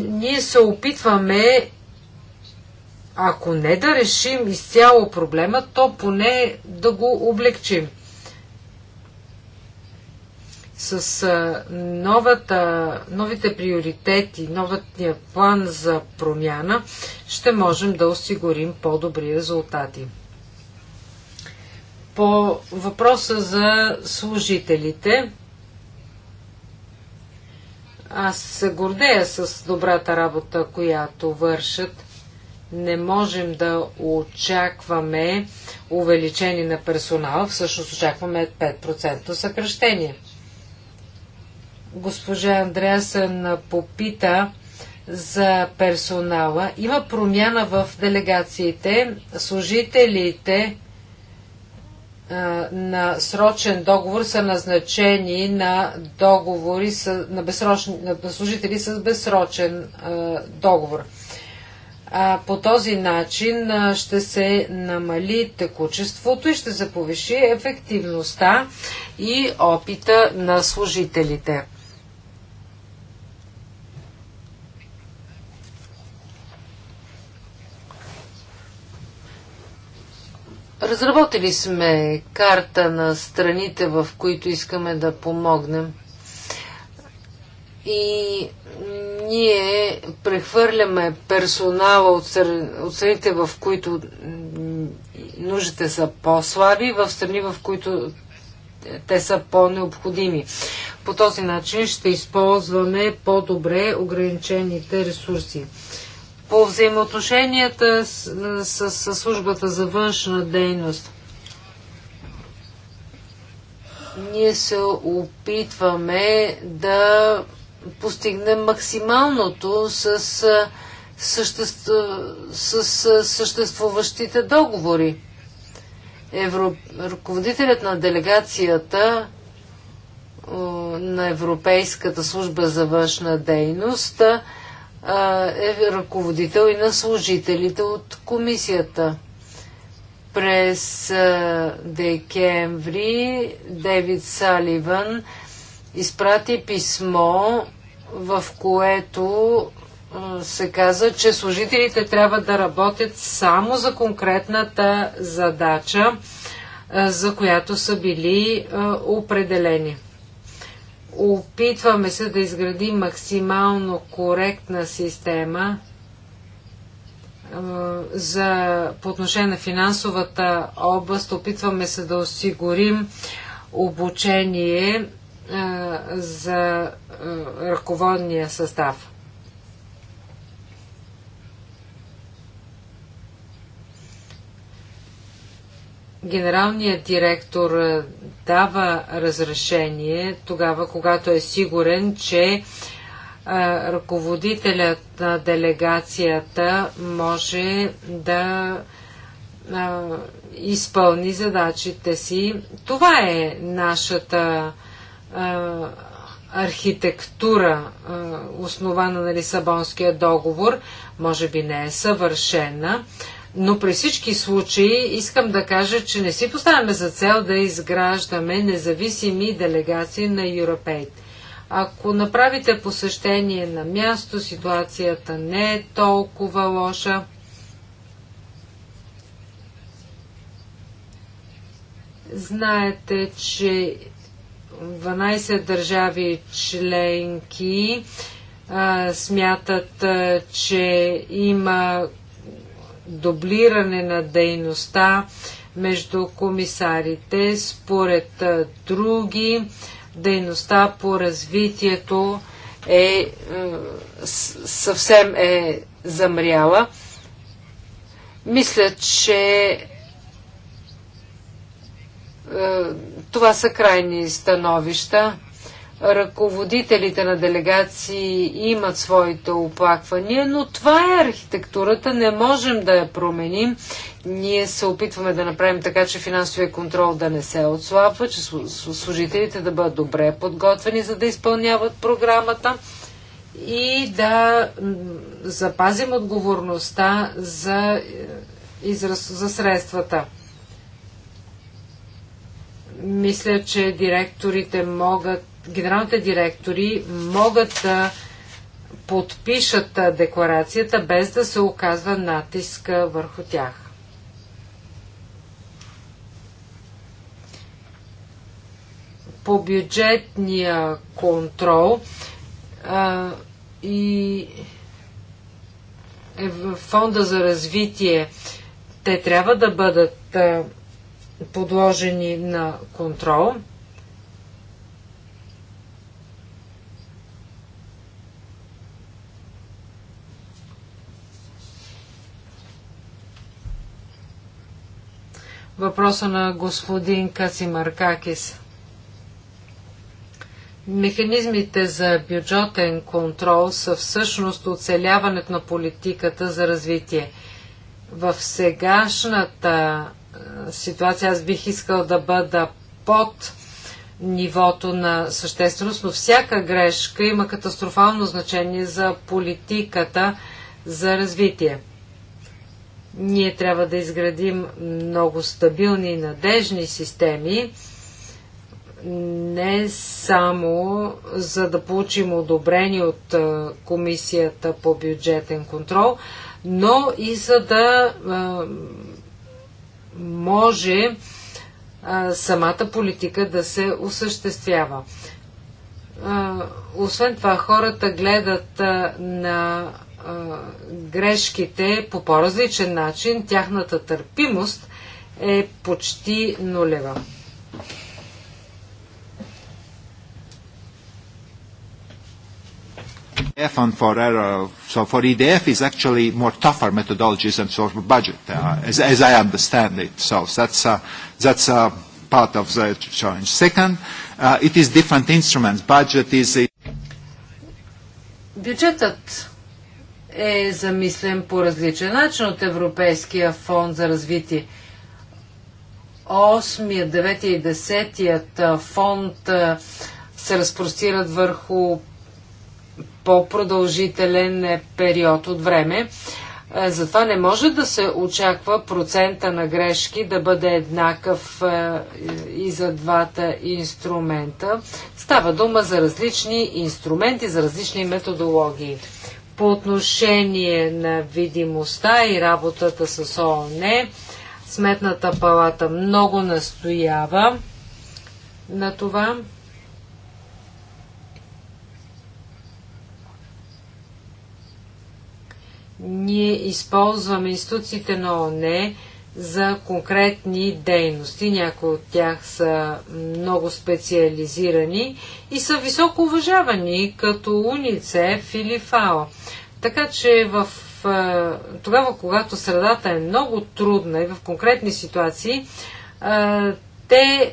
Ние се опитваме, ако не да решим изцяло проблема, то поне да го облегчим. С новата, новите приоритети, новатния план за промяна, ще можем да осигурим по-добри резултати. По въпроса за служителите, аз се гордея с добрата работа, която вършат. Не можем да очакваме увеличение на персонала, всъщност очакваме 5% съкръщение. Госпожа Андреасън попита за персонала. Има промяна в делегациите. Служителите е, на срочен договор са назначени на договори с, на, безсрочни, на служители с безсрочен а, е, договор. А, по този начин а, е, ще се намали текучеството и ще се повиши ефективността и опита на служителите. Разработили сме карта на страните, в които искаме да помогнем. И ние прехвърляме персонала от, страните, в които нуждите са по-слаби, в страни, в които те са по-необходими. По този начин ще използваме по-добре ограничените ресурси по взаимоотношенията с, с, с службата за външна дейност. Ние се опитваме да постигнем максималното с, съществу, с съществуващите договори. Евро... Ръководителят на делегацията на Европейската служба за външна дейност е ръководител и на служителите от комисията. През декември Дейвид Саливан изпрати писмо, в което се каза, че служителите трябва да работят само за конкретната задача, за която са били определени. Опитваме се да изградим максимално коректна система за, по отношение на финансовата област. Опитваме се да осигурим обучение за ръководния състав. генералният директор е, дава разрешение тогава, когато е сигурен, че е, ръководителят на делегацията може да е, изпълни задачите си. Това е нашата архитектура, основана на Лисабонския договор. Може би не е съвършена, но при всички случаи искам да кажа, че не си поставяме за цел да изграждаме независими делегации на Европейт. Ако направите посещение на място, ситуацията не е толкова лоша. Знаете, че 12 държави членки а, смятат, а, че има дублиране на дейността между комисарите, според други дейността по развитието е съвсем е замряла. Мисля, че това са крайни становища ръководителите на делегации имат своите оплаквания, но това е архитектурата, не можем да я променим. Ние се опитваме да направим така, че финансовия контрол да не се отслабва, че служителите да бъдат добре подготвени, за да изпълняват програмата и да запазим отговорността за, е, израз, за средствата мисля, че директорите могат генералните директори могат да подпишат декларацията без да се оказва натиск върху тях. По бюджетния контрол а, и е фонда за развитие, те трябва да бъдат а, подложени на контрол – въпроса на господин Касимаркакис. Механизмите за бюджетен контрол са всъщност оцеляването на политиката за развитие. В сегашната ситуация аз бих искал да бъда под нивото на същественост, но всяка грешка има катастрофално значение за политиката за развитие. Ние трябва да изградим много стабилни и надежни системи, не само за да получим одобрение от Комисията по бюджетен контрол, но и за да може самата политика да се осъществява. освен това, хората гледат на грешките по по-различен начин, тяхната търпимост е почти нулева. and for error. So for EDF is actually more tougher methodologies and sort of budget, uh, as, as I understand it. So that's, a, that's a part of the challenge. Second, uh, it is different instruments. Budget is... Бюджетът е замислен по различен начин от Европейския фонд за развитие. Осмият, деветия и десетият фонд се разпростират върху по-продължителен е, период от време. Затова не може да се очаква процента на грешки да бъде еднакъв и за двата инструмента. Става дума за различни инструменти, за различни методологии. По отношение на видимостта и работата с ООН, Сметната палата много настоява на това. Ние използваме институциите на ОНЕ за конкретни дейности. Някои от тях са много специализирани и са високо уважавани, като УНИЦЕФ или ФАО. Така че в, е, тогава, когато средата е много трудна и в конкретни ситуации, е, те е,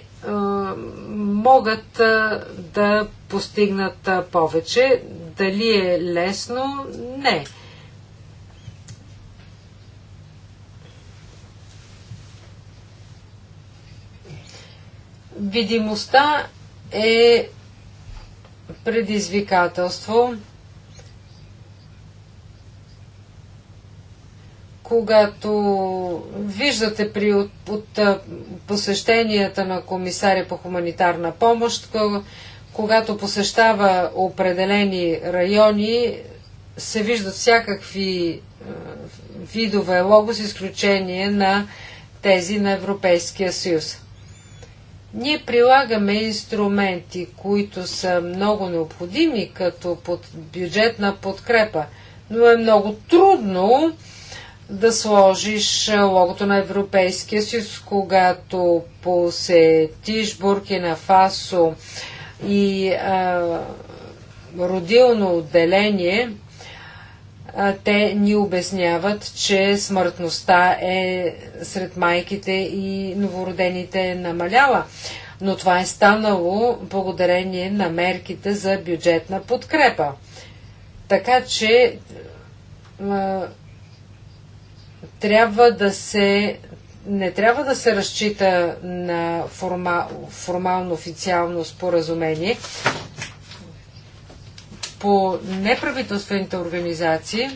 могат да постигнат повече. Дали е лесно? Не. Видимостта е предизвикателство. когато виждате при, от, от посещенията на комисаря по хуманитарна помощ, когато посещава определени райони, се виждат всякакви видове лого с изключение на тези на Европейския съюз. Ние прилагаме инструменти, които са много необходими като под бюджетна подкрепа, но е много трудно да сложиш логото на Европейския съюз, когато посетиш Буркина Фасо и а, родилно отделение – те ни обясняват, че смъртността е сред майките и новородените е намаляла. Но това е станало благодарение на мерките за бюджетна подкрепа. Така че трябва да се не трябва да се разчита на форма, формално официално споразумение, по неправителствените организации.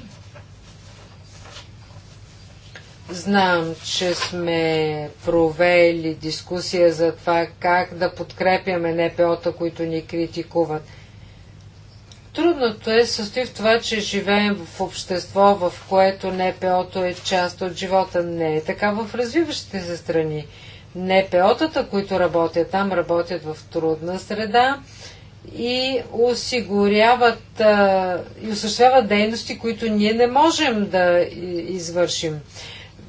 Знам, че сме провели дискусия за това как да подкрепяме НПО-та, които ни критикуват. Трудното е състои в това, че живеем в общество, в което НПО-то е част от живота. Не е така в развиващите се страни. НПО-тата, които работят там, работят в трудна среда, и осигуряват а, и осъществяват дейности, които ние не можем да извършим.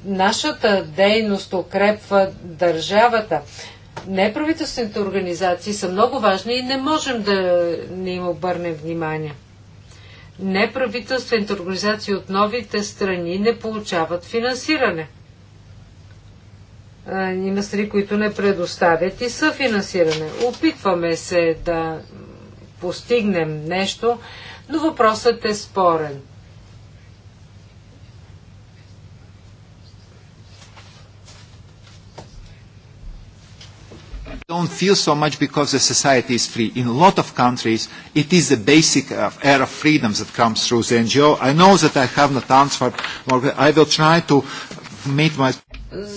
Нашата дейност укрепва държавата. Неправителствените организации са много важни и не можем да не им обърнем внимание. Неправителствените организации от новите страни не получават финансиране. Има страни, които не предоставят и съфинансиране. Опитваме се да постигнем нещо, но въпросът е спорен. don't feel so much because the society is free. In a lot of countries, it is the basic uh, air of freedoms that comes through the NGO. I know that I have not answered, but I will try to meet my...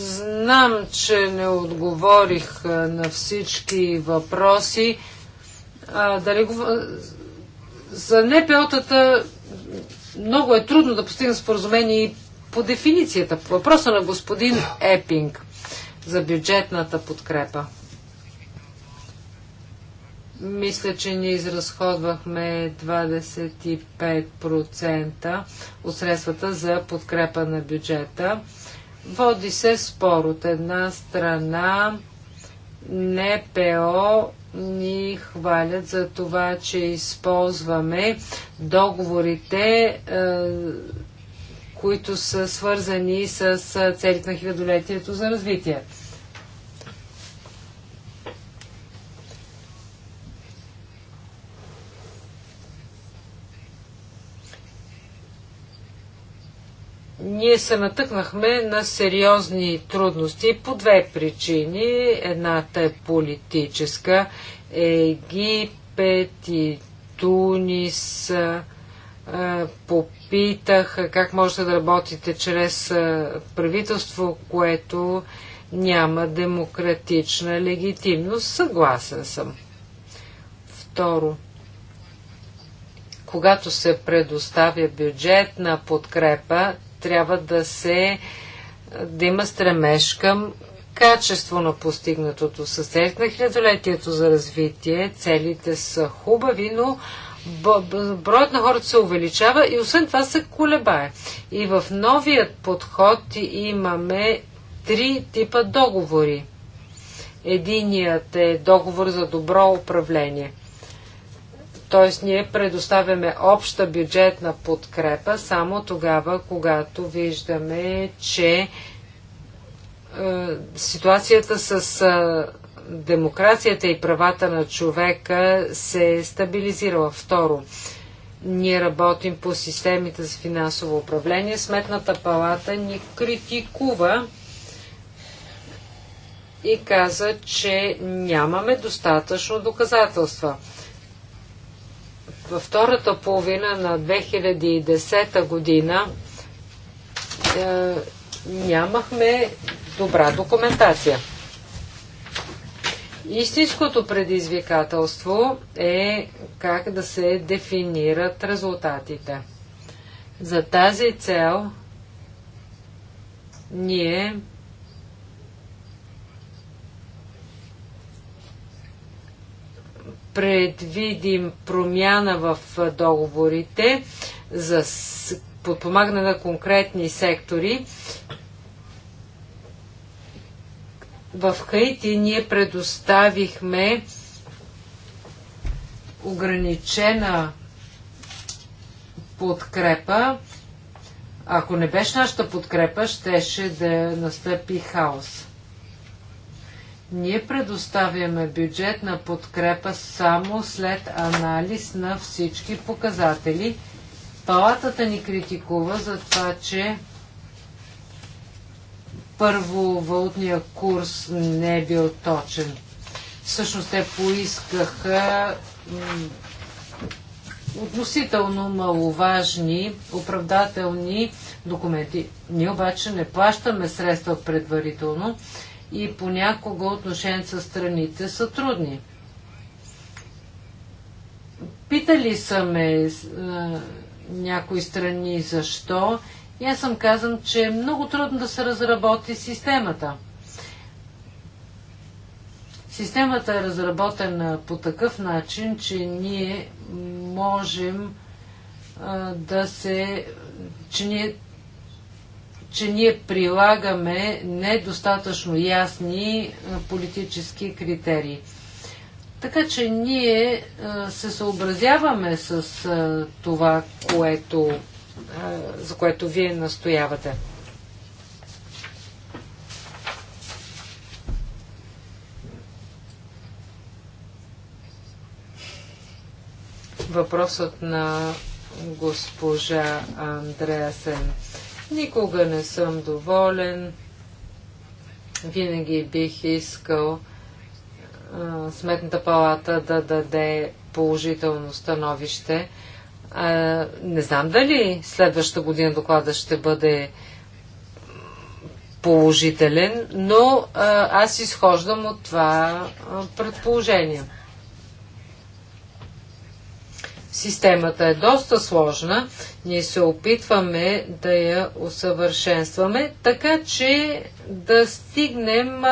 Знам, че не отговорих на всички въпроси. А, дали го... За НПО-тата много е трудно да постигне споразумение и по дефиницията. По въпроса на господин Епинг за бюджетната подкрепа. Мисля, че ние изразходвахме 25% от средствата за подкрепа на бюджета. Води се спор от една страна НПО ни хвалят за това, че използваме договорите, е, които са свързани с е, целите на хилядолетието за развитие. ние се натъкнахме на сериозни трудности по две причини. Едната е политическа. Египет и Тунис попитах как можете да работите чрез правителство, което няма демократична легитимност. Съгласен съм. Второ, когато се предоставя бюджетна подкрепа, трябва да се да има стремеж към качество на постигнатото. С целите на хилядолетието за развитие целите са хубави, но броят на хората се увеличава и освен това се колебае. И в новият подход имаме три типа договори. Единият е договор за добро управление – т.е. ние предоставяме обща бюджетна подкрепа само тогава, когато виждаме, че е, ситуацията с е, демокрацията и правата на човека се е стабилизирала. Второ, ние работим по системите за финансово управление. Сметната палата ни критикува и каза, че нямаме достатъчно доказателства във втората половина на 2010 година е, нямахме добра документация. Истинското предизвикателство е как да се дефинират резултатите. За тази цел ние предвидим промяна в договорите за подпомагане на конкретни сектори. В Хаити ние предоставихме ограничена подкрепа. Ако не беше нашата подкрепа, щеше да настъпи хаос. Ние предоставяме бюджетна подкрепа само след анализ на всички показатели. Палатата ни критикува за това, че първо валутния курс не е бил точен. Всъщност те поискаха относително маловажни оправдателни документи. Ние обаче не плащаме средства предварително и понякога отношенията с страните са трудни. Питали са ме някои страни защо и аз съм казвам, че е много трудно да се разработи системата. Системата е разработена по такъв начин, че ние можем а, да се. че ние че ние прилагаме недостатъчно ясни е, политически критерии. Така че ние е, се съобразяваме с е, това, което, за което вие настоявате. Въпросът на госпожа Андреасен. Сен Никога не съм доволен. Винаги бих искал а, Сметната палата да даде положително становище. А, не знам дали следващата година доклада ще бъде положителен, но а, аз изхождам от това а, предположение. Системата е доста сложна. Ние се опитваме да я усъвършенстваме, така че да стигнем,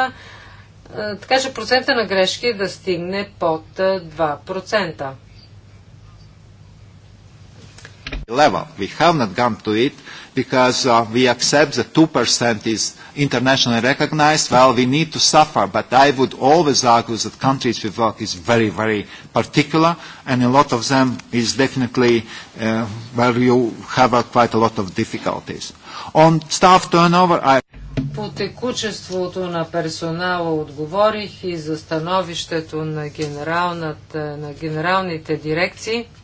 така че процента на грешки да стигне под 2% level. We have not gone to it because uh, we accept that 2% is internationally recognized. Well, we need to suffer, but I would always argue that countries we work is very, very particular, and a lot of them is definitely uh, where you have uh, quite a lot of difficulties. On staff turnover, I... По текучеството на персонала отговорих и за становището на, на генералните дирекции –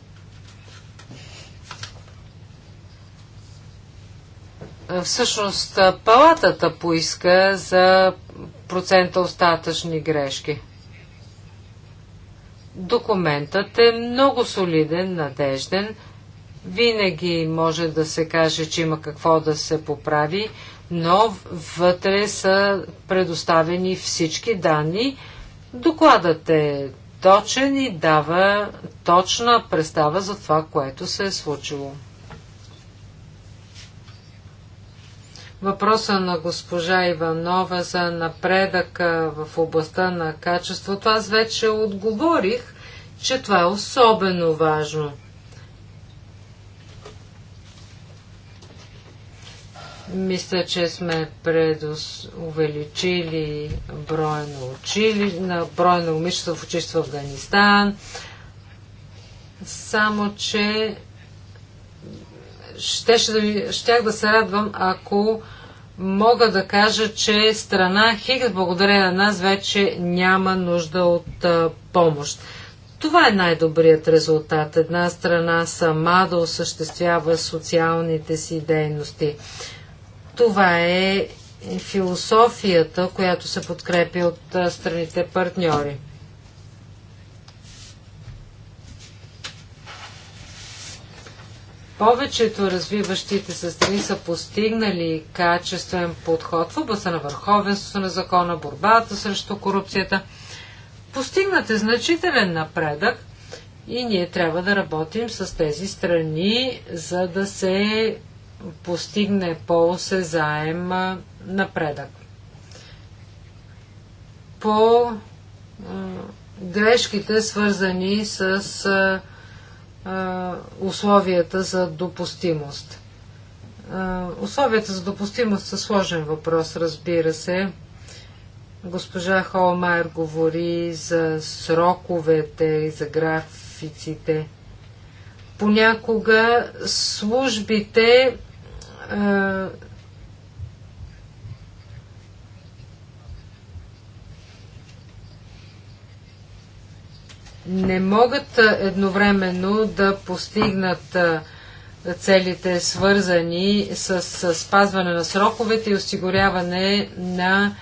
Всъщност палатата поиска за процента остатъчни грешки. Документът е много солиден, надежден. Винаги може да се каже, че има какво да се поправи, но вътре са предоставени всички данни. Докладът е точен и дава точна представа за това, което се е случило. Въпроса на госпожа Иванова за напредъка в областта на качеството, аз вече отговорих, че това е особено важно. Мисля, че сме предус... увеличили броя на, учили... на броя на момичета в училище в Афганистан. Само, че щеше да ви, щях да се радвам, ако мога да кажа, че страна Хигс, благодарение на нас, вече няма нужда от а, помощ. Това е най-добрият резултат. Една страна сама да осъществява социалните си дейности. Това е философията, която се подкрепи от страните партньори. Повечето развиващите се страни са постигнали качествен подход в областта на върховенството на закона, борбата срещу корупцията. Постигнат е значителен напредък и ние трябва да работим с тези страни, за да се постигне по-осезаем напредък. По грешките, свързани с условията за допустимост. условията за допустимост са сложен въпрос, разбира се. Госпожа Холмайер говори за сроковете и за графиците. Понякога службите а, не могат едновременно да постигнат целите, свързани с, спазване на сроковете и осигуряване на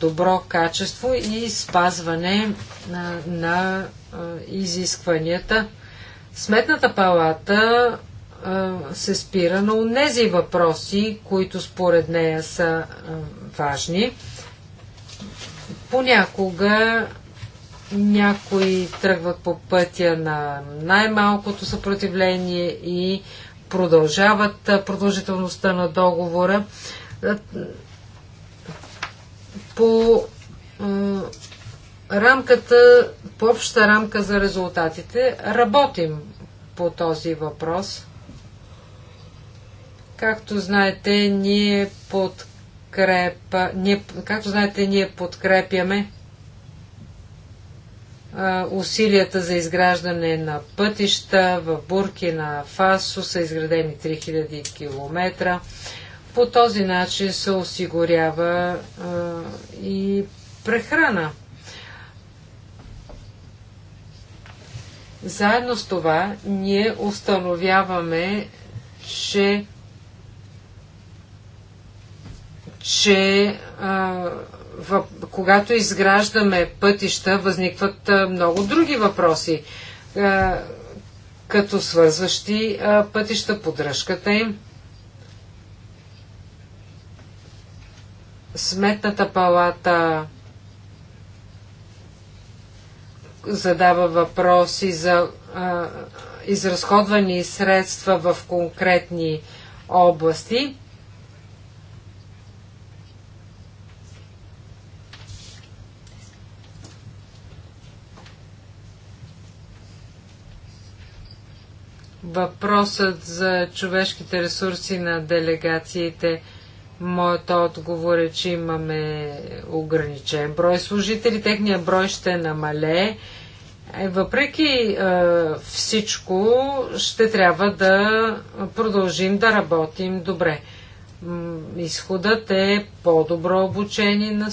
добро качество и спазване на изискванията. Сметната палата се спира на тези въпроси, които според нея са важни. Понякога някои тръгват по пътя на най-малкото съпротивление и продължават продължителността на договора. По рамката, по обща рамка за резултатите, работим по този въпрос. Както знаете, ние подкрепа, ние, както знаете, ние подкрепяме усилията за изграждане на пътища в Буркина Фасо са изградени 3000 км. По този начин се осигурява и прехрана. Заедно с това ние установяваме, че че а, в, когато изграждаме пътища, възникват много други въпроси, като свързващи пътища, поддръжката им. Сметната палата задава въпроси за а, изразходвани средства в конкретни области. въпросът за човешките ресурси на делегациите, моят отговор е, че имаме ограничен брой служители, техният брой ще намалее. Е, въпреки е, всичко, ще трябва да продължим да работим добре. Изходът е по-добро обучение на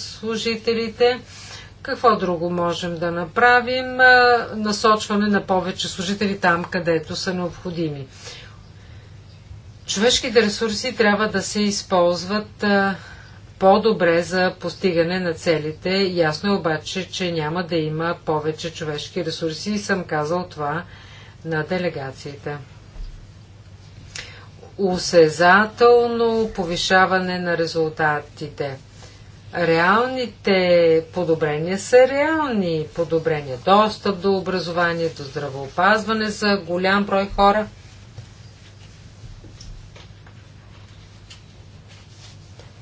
служителите какво друго можем да направим? Насочване на повече служители там, където са необходими. Човешките ресурси трябва да се използват по-добре за постигане на целите. Ясно е обаче, че няма да има повече човешки ресурси и съм казал това на делегациите. Усезателно повишаване на резултатите. Реалните подобрения са реални подобрения. Достъп до образование, до здравеопазване за голям брой хора.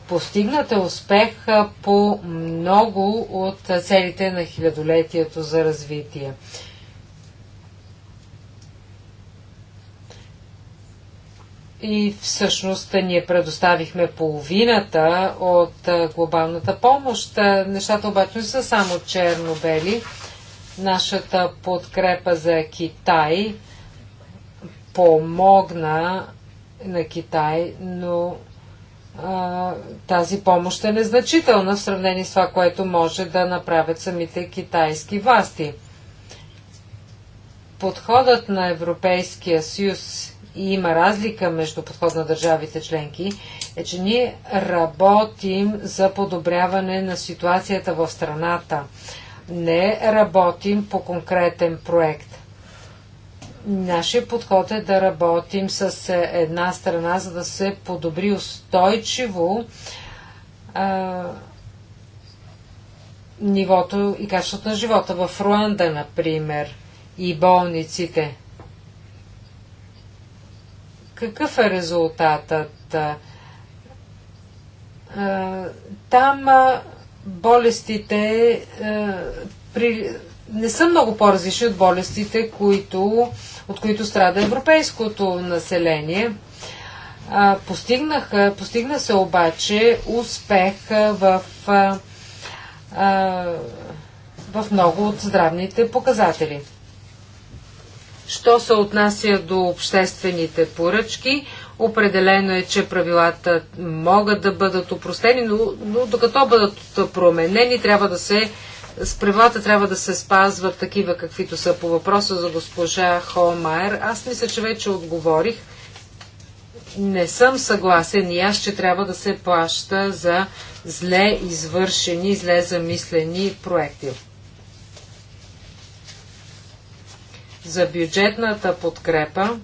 Постигнат е успех по много от целите на хилядолетието за развитие. И всъщност ние предоставихме половината от глобалната помощ. Нещата обаче не са само черно-бели. Нашата подкрепа за Китай помогна на Китай, но а, тази помощ е незначителна в сравнение с това, което може да направят самите китайски власти. Подходът на Европейския съюз и има разлика между подход на държавите членки, е, че ние работим за подобряване на ситуацията в страната. Не работим по конкретен проект. Нашия подход е да работим с една страна, за да се подобри устойчиво а, нивото и качеството на живота. В Руанда, например, и болниците – какъв е резултатът? Там болестите при... не са много по-различни от болестите, които, от които страда европейското население. А, постигнаха, постигна се обаче успех в, а, в много от здравните показатели. Що се отнася до обществените поръчки, определено е, че правилата могат да бъдат упростени, но, но докато бъдат променени, трябва да се с правилата трябва да се спазват такива, каквито са по въпроса за госпожа Холмайер. Аз мисля, че вече отговорих. Не съм съгласен и аз, че трябва да се плаща за зле извършени, зле замислени проекти. За бюджетната подкрепа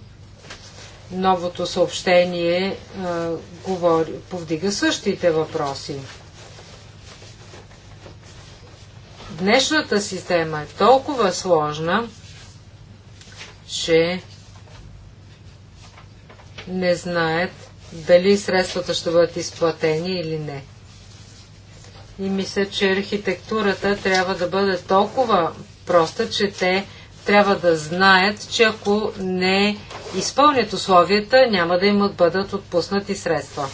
новото съобщение а, говори, повдига същите въпроси. Днешната система е толкова сложна, че не знаят дали средствата ще бъдат изплатени или не. И мисля, че архитектурата трябва да бъде толкова проста, че те трябва да знаят, че ако не изпълнят условията, няма да им бъдат отпуснати средства.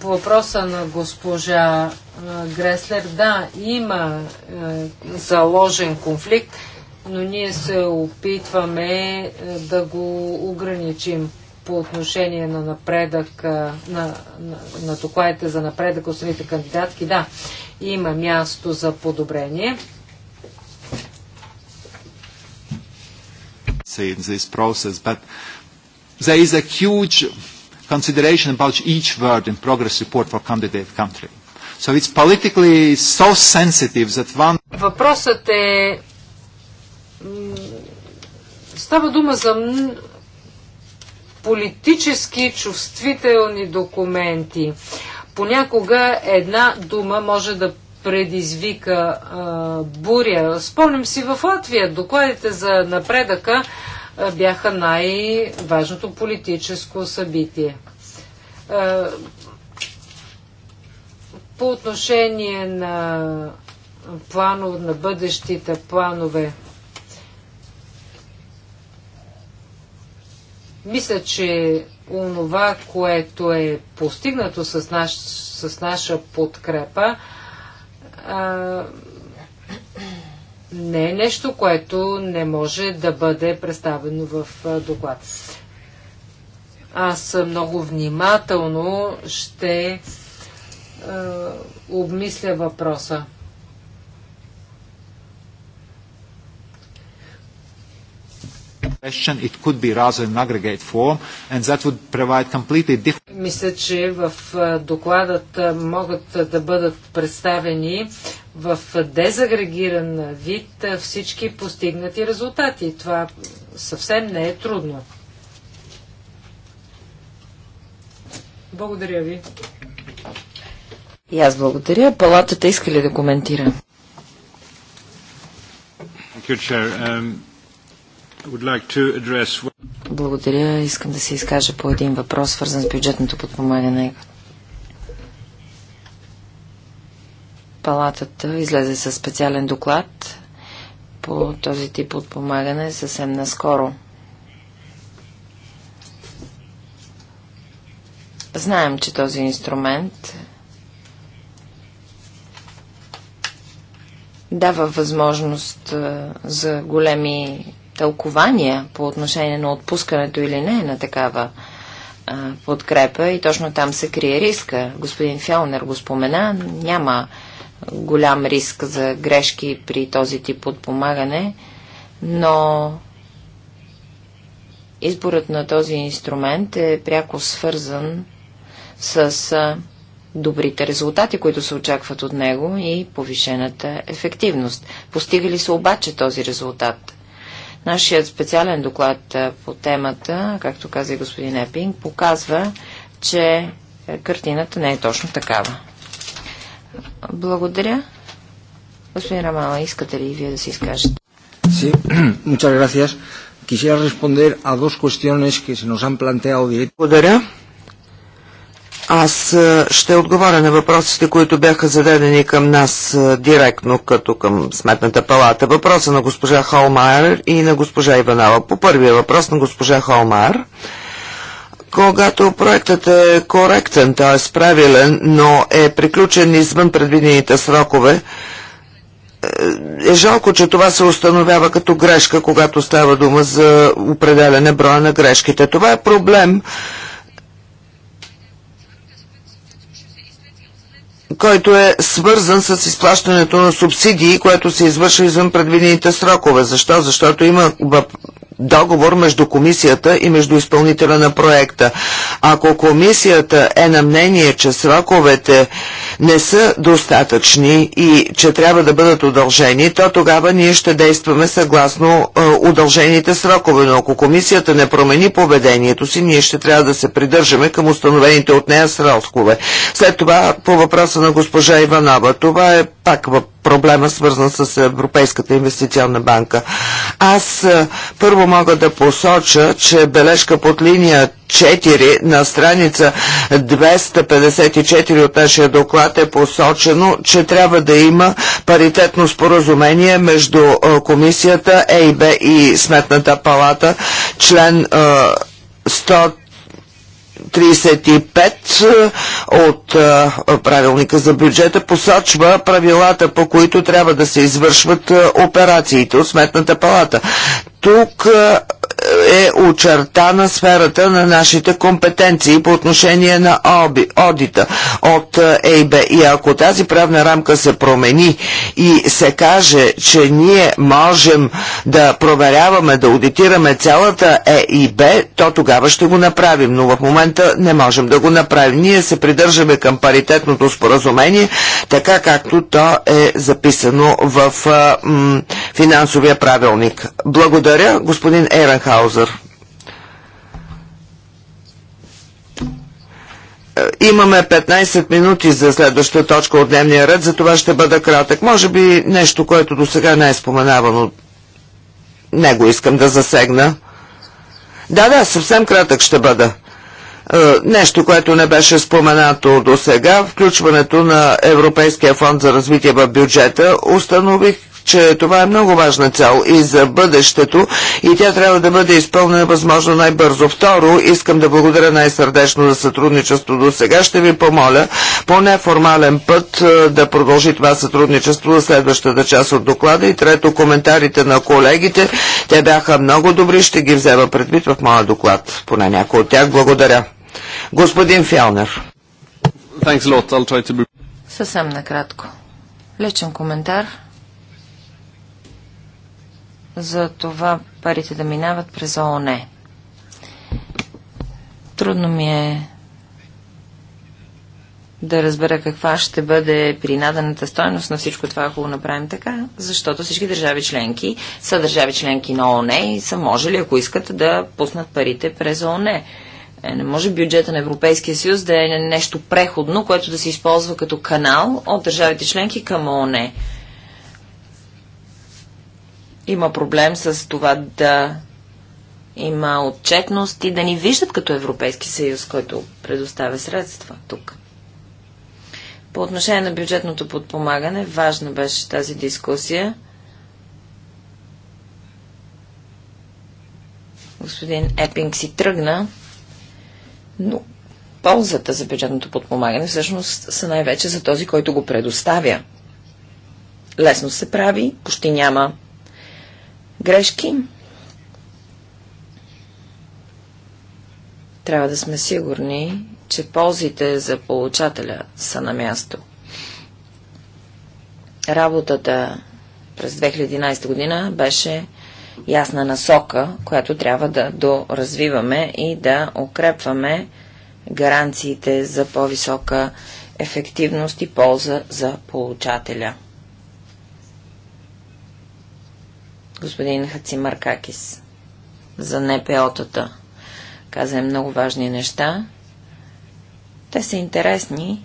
По въпроса на госпожа е, Греслер, да, има е, заложен конфликт, но ние се опитваме е, да го ограничим по отношение на напредък, на, на, на докладите за напредък от страните кандидатки, да, има място за подобрение. in this process, but there is a huge consideration about each word in progress report for candidate country. So it's politically so sensitive that one... Въпросът е... Става дума за политически чувствителни документи. Понякога една дума може да предизвика а, буря. Спомням си в Латвия, докладите за напредъка а, бяха най-важното политическо събитие. А, по отношение на планов, на бъдещите планове Мисля, че онова, което е постигнато с, наш, с наша подкрепа, а, не е нещо, което не може да бъде представено в доклад. Аз много внимателно ще а, обмисля въпроса. question, it could be rather an aggregate form, and that would provide completely different... Мисля, че в докладът могат да бъдат представени в дезагрегиран вид всички постигнати резултати. Това съвсем не е трудно. Благодаря ви. И аз благодаря. Палатата иска ли да коментира? Thank you, Chair. Um, благодаря. Искам да се изкажа по един въпрос, свързан с бюджетното подпомагане. Палатата излезе със специален доклад по този тип подпомагане съвсем наскоро. Знаем, че този инструмент дава възможност за големи тълкования по отношение на отпускането или не на такава а, подкрепа и точно там се крие риска. Господин Фелнер го спомена, няма голям риск за грешки при този тип подпомагане, но изборът на този инструмент е пряко свързан с добрите резултати, които се очакват от него и повишената ефективност. Постига ли се обаче този резултат? Нашият специален доклад по темата, както каза и господин Епинг, показва, че е, картината не е точно такава. Благодаря. Господин Рамала, искате ли вие да се изкажете? Sí, muchas gracias. Quisiera responder a dos cuestiones que se nos han planteado directamente. Благодаря. Аз е, ще отговоря на въпросите, които бяха зададени към нас е, директно, като към Сметната палата. Въпроса на госпожа Холмайер и на госпожа Иванова. По първия въпрос на госпожа Холмайер, когато проектът е коректен, т.е. правилен, но е приключен извън предвидените срокове, е, е жалко, че това се установява като грешка, когато става дума за определене броя на грешките. Това е проблем, който е свързан с изплащането на субсидии, което се извършва извън предвидените срокове. Защо? Защото има договор между комисията и между изпълнителя на проекта. Ако комисията е на мнение, че сроковете не са достатъчни и че трябва да бъдат удължени, то тогава ние ще действаме съгласно е, удължените срокове. Но ако комисията не промени поведението си, ние ще трябва да се придържаме към установените от нея срокове. След това по въпроса на госпожа Иванова, това е пак въпрос проблема, свързан с Европейската инвестиционна банка. Аз е, първо мога да посоча, че бележка под линия 4 на страница 254 от нашия доклад е посочено, че трябва да има паритетно споразумение между е, комисията, ЕИБ и Сметната палата, член е, 35 е, от е, правилника за бюджета посочва правилата, по които трябва да се извършват е, операциите от Сметната палата. Тук е очертана сферата на нашите компетенции по отношение на оби, одита от е, ЕИБ. И ако тази правна рамка се промени и се каже, че ние можем да проверяваме, да аудитираме цялата ЕИБ, то тогава ще го направим, но в момента не можем да го направим. Ние се придържаме към паритетното споразумение, така както то е записано в м, финансовия правилник. Благодаря, господин Еренхаузен. Лазар. Е, имаме 15 минути за следващата точка от дневния ред, за това ще бъда кратък. Може би нещо, което до сега не е споменавано, Не го искам да засегна. Да, да, съвсем кратък ще бъда. Е, нещо, което не беше споменато до сега, включването на Европейския фонд за развитие в бюджета, установих че това е много важна цел и за бъдещето и тя трябва да бъде изпълнена възможно най-бързо. Второ, искам да благодаря най-сърдечно за сътрудничество до сега. Ще ви помоля по неформален път е, да продължи това сътрудничество за следващата част от доклада. И трето, коментарите на колегите. Те бяха много добри. Ще ги взема предвид в моя доклад. Поне някой от тях. Благодаря. Господин Фялнер. Съвсем накратко. Личен коментар за това парите да минават през ООН. Трудно ми е да разбера каква ще бъде принадената стойност на всичко това, ако го направим така, защото всички държави членки са държави членки на ООН и са можели, ако искат, да пуснат парите през ООН. Е, не може бюджета на Европейския съюз да е нещо преходно, което да се използва като канал от държавите членки към ООН има проблем с това да има отчетност и да ни виждат като Европейски съюз, който предоставя средства тук. По отношение на бюджетното подпомагане, важна беше тази дискусия. Господин Епинг си тръгна, но ползата за бюджетното подпомагане всъщност са най-вече за този, който го предоставя. Лесно се прави, почти няма грешки. Трябва да сме сигурни, че ползите за получателя са на място. Работата през 2011 година беше ясна насока, която трябва да доразвиваме и да укрепваме гаранциите за по-висока ефективност и полза за получателя. господин Хацимаркакис за НПО-тата. Каза много важни неща. Те са интересни.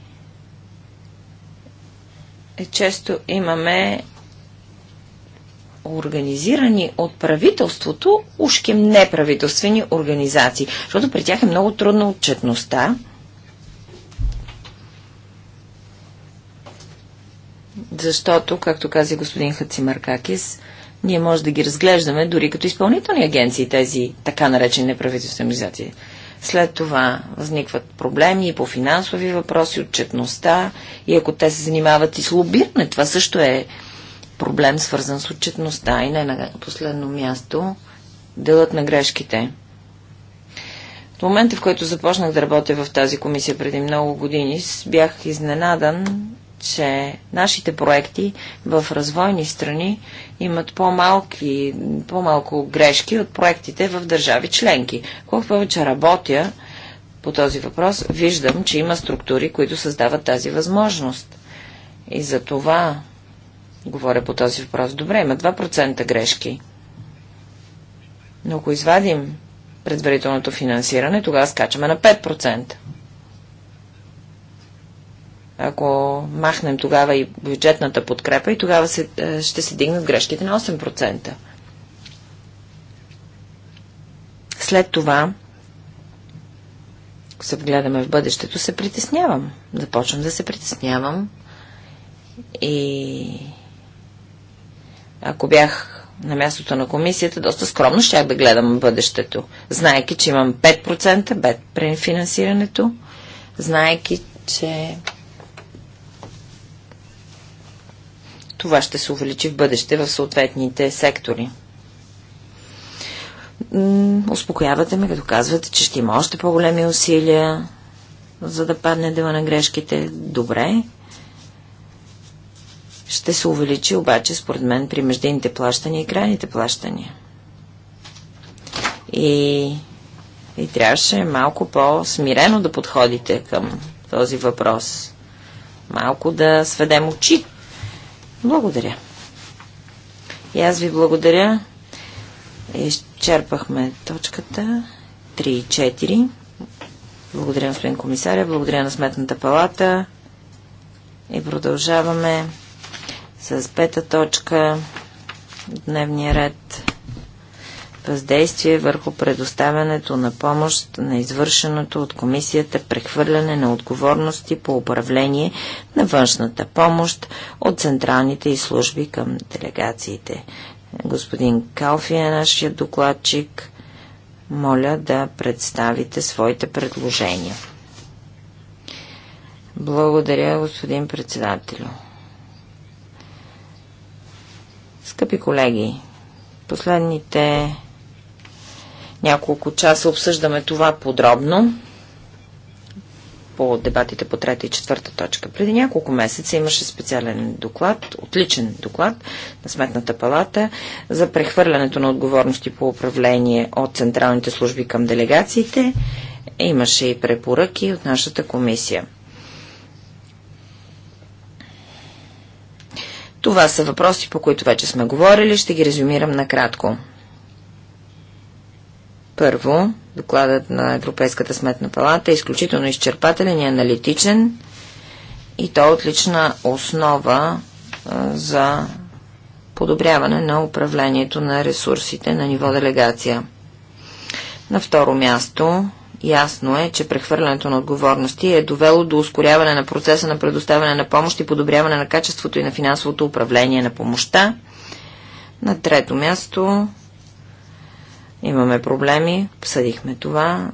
Е, често имаме организирани от правителството, ушки неправителствени организации, защото при тях е много трудна отчетността. Защото, както каза господин Хацимаркакис, ние може да ги разглеждаме дори като изпълнителни агенции, тези така наречени неправителствени организации. След това възникват проблеми и по финансови въпроси, отчетността и ако те се занимават и с лобиране, това също е проблем свързан с отчетността и не на последно място делът на грешките. В момента, в който започнах да работя в тази комисия преди много години, бях изненадан че нашите проекти в развойни страни имат по-малки, по-малко грешки от проектите в държави членки. Колко повече работя по този въпрос, виждам, че има структури, които създават тази възможност. И за това говоря по този въпрос. Добре, има 2% грешки. Но ако извадим предварителното финансиране, тогава скачаме на 5% ако махнем тогава и бюджетната подкрепа и тогава се, е, ще се дигнат грешките на 8%. След това, ако се гледаме в бъдещето, се притеснявам. Започвам да се притеснявам. И ако бях на мястото на комисията, доста скромно щях да гледам бъдещето. Знайки, че имам 5% бед при финансирането, знайки, че Това ще се увеличи в бъдеще в съответните сектори. Успокоявате ме, като казвате, че ще има още по-големи усилия, за да падне дела на грешките. Добре. Ще се увеличи обаче, според мен, при междинните плащания и крайните плащания. И, и трябваше малко по-смирено да подходите към този въпрос. Малко да сведем очи благодаря. И аз ви благодаря. Изчерпахме точката 3 и 4. Благодаря на господин комисаря, благодаря на Сметната палата. И продължаваме с пета точка дневния ред въздействие върху предоставянето на помощ на извършеното от комисията прехвърляне на отговорности по управление на външната помощ от централните и служби към делегациите. Господин Калфи е нашия докладчик. Моля да представите своите предложения. Благодаря, господин председателю. Скъпи колеги, последните няколко часа обсъждаме това подробно по дебатите по трета и четвърта точка. Преди няколко месеца имаше специален доклад, отличен доклад на Сметната палата за прехвърлянето на отговорности по управление от централните служби към делегациите. Имаше и препоръки от нашата комисия. Това са въпроси, по които вече сме говорили. Ще ги резюмирам накратко. Първо, докладът на Европейската сметна палата е изключително изчерпателен и аналитичен и то е отлична основа а, за подобряване на управлението на ресурсите на ниво делегация. На второ място, ясно е, че прехвърлянето на отговорности е довело до ускоряване на процеса на предоставяне на помощ и подобряване на качеството и на финансовото управление на помощта. На трето място, Имаме проблеми, обсъдихме това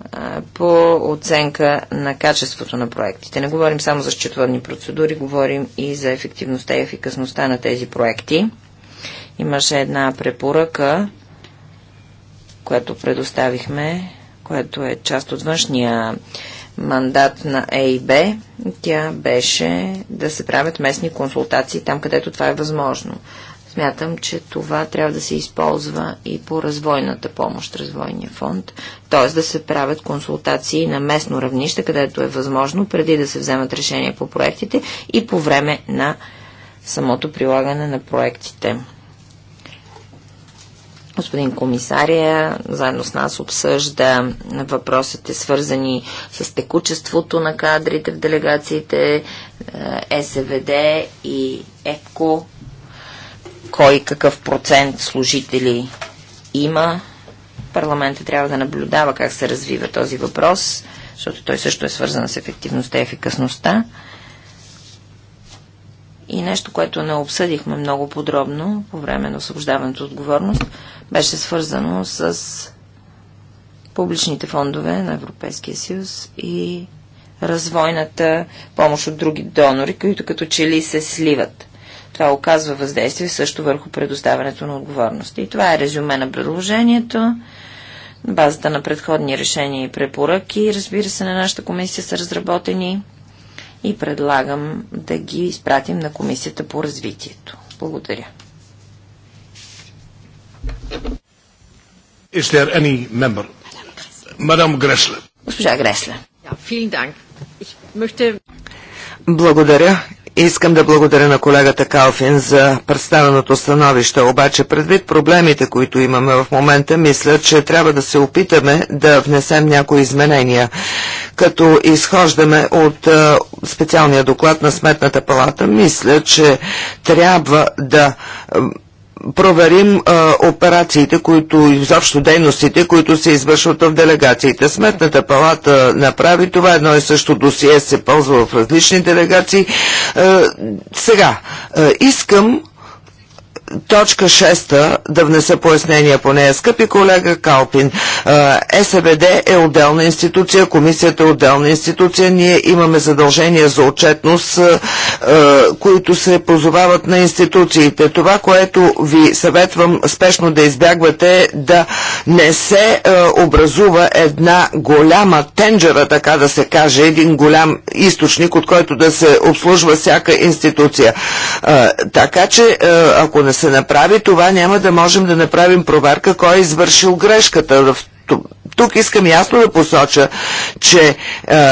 по оценка на качеството на проектите. Не говорим само за счетоводни процедури, говорим и за ефективността и ефикасността на тези проекти. Имаше една препоръка, която предоставихме, която е част от външния мандат на ЕИБ. Тя беше да се правят местни консултации там, където това е възможно. Смятам, че това трябва да се използва и по развойната помощ, развойния фонд, т.е. да се правят консултации на местно равнище, където е възможно, преди да се вземат решения по проектите и по време на самото прилагане на проектите. Господин комисария заедно с нас обсъжда въпросите свързани с текучеството на кадрите в делегациите, е, СВД и ЕКО кой какъв процент служители има. Парламента трябва да наблюдава как се развива този въпрос, защото той също е свързан с ефективността и ефикасността. И нещо, което не обсъдихме много подробно по време на освобождаването отговорност, беше свързано с публичните фондове на Европейския съюз и развойната помощ от други донори, които като че ли се сливат. Това оказва въздействие също върху предоставянето на отговорности. И това е резюме на предложението. На базата на предходни решения и препоръки, разбира се, на нашата комисия са разработени и предлагам да ги изпратим на комисията по развитието. Благодаря. Is there any member? Госпожа Гресле. Благодаря. Искам да благодаря на колегата Калфин за представеното становище, обаче предвид проблемите, които имаме в момента, мисля, че трябва да се опитаме да внесем някои изменения, като изхождаме от специалния доклад на Сметната палата. Мисля, че трябва да проверим а, операциите, които изобщо дейностите, които се извършват в делегациите. Сметната палата направи това, едно и също досие се ползва в различни делегации. А, сега, а, искам точка 6 да внеса пояснения по нея. Скъпи колега Калпин, СБД е отделна институция, комисията е отделна институция, ние имаме задължения за отчетност, които се позовават на институциите. Това, което ви съветвам спешно да избягвате е да не се образува една голяма тенджера, така да се каже, един голям източник, от който да се обслужва всяка институция. Така че, ако не се направи, това няма да можем да направим проверка кой е извършил грешката. Тук искам ясно да посоча, че е, е,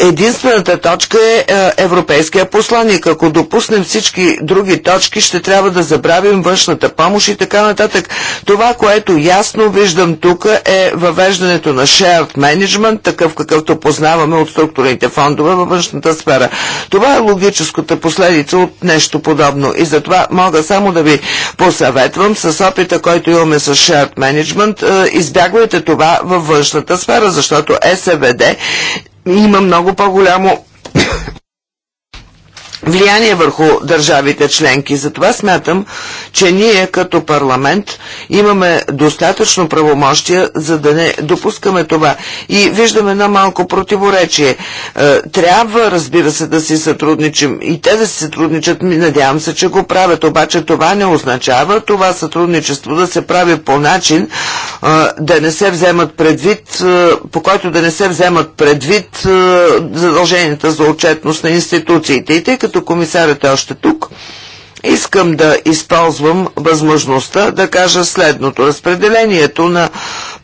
единствената точка е, е европейския посланник. Ако допуснем всички други точки, ще трябва да забравим външната помощ и така нататък. Това, което ясно виждам тук е въвеждането на shared management, такъв какъвто познаваме от структурните фондове във външната сфера. Това е логическата последица от нещо подобно и затова мога само да ви посъветвам с опита, който имаме с shared management, е, избягвайте това във външната сфера, защото СВД има много по-голямо влияние върху държавите членки. Затова смятам, че ние като парламент имаме достатъчно правомощия, за да не допускаме това. И виждаме едно малко противоречие. Е, трябва, разбира се, да си сътрудничим и те да си сътрудничат. Надявам се, че го правят. Обаче това не означава това сътрудничество да се прави по начин е, да не се вземат предвид, е, по който да не се вземат предвид задълженията за отчетност на институциите. И тъй като докато комисарът е още тук, искам да използвам възможността да кажа следното. Разпределението на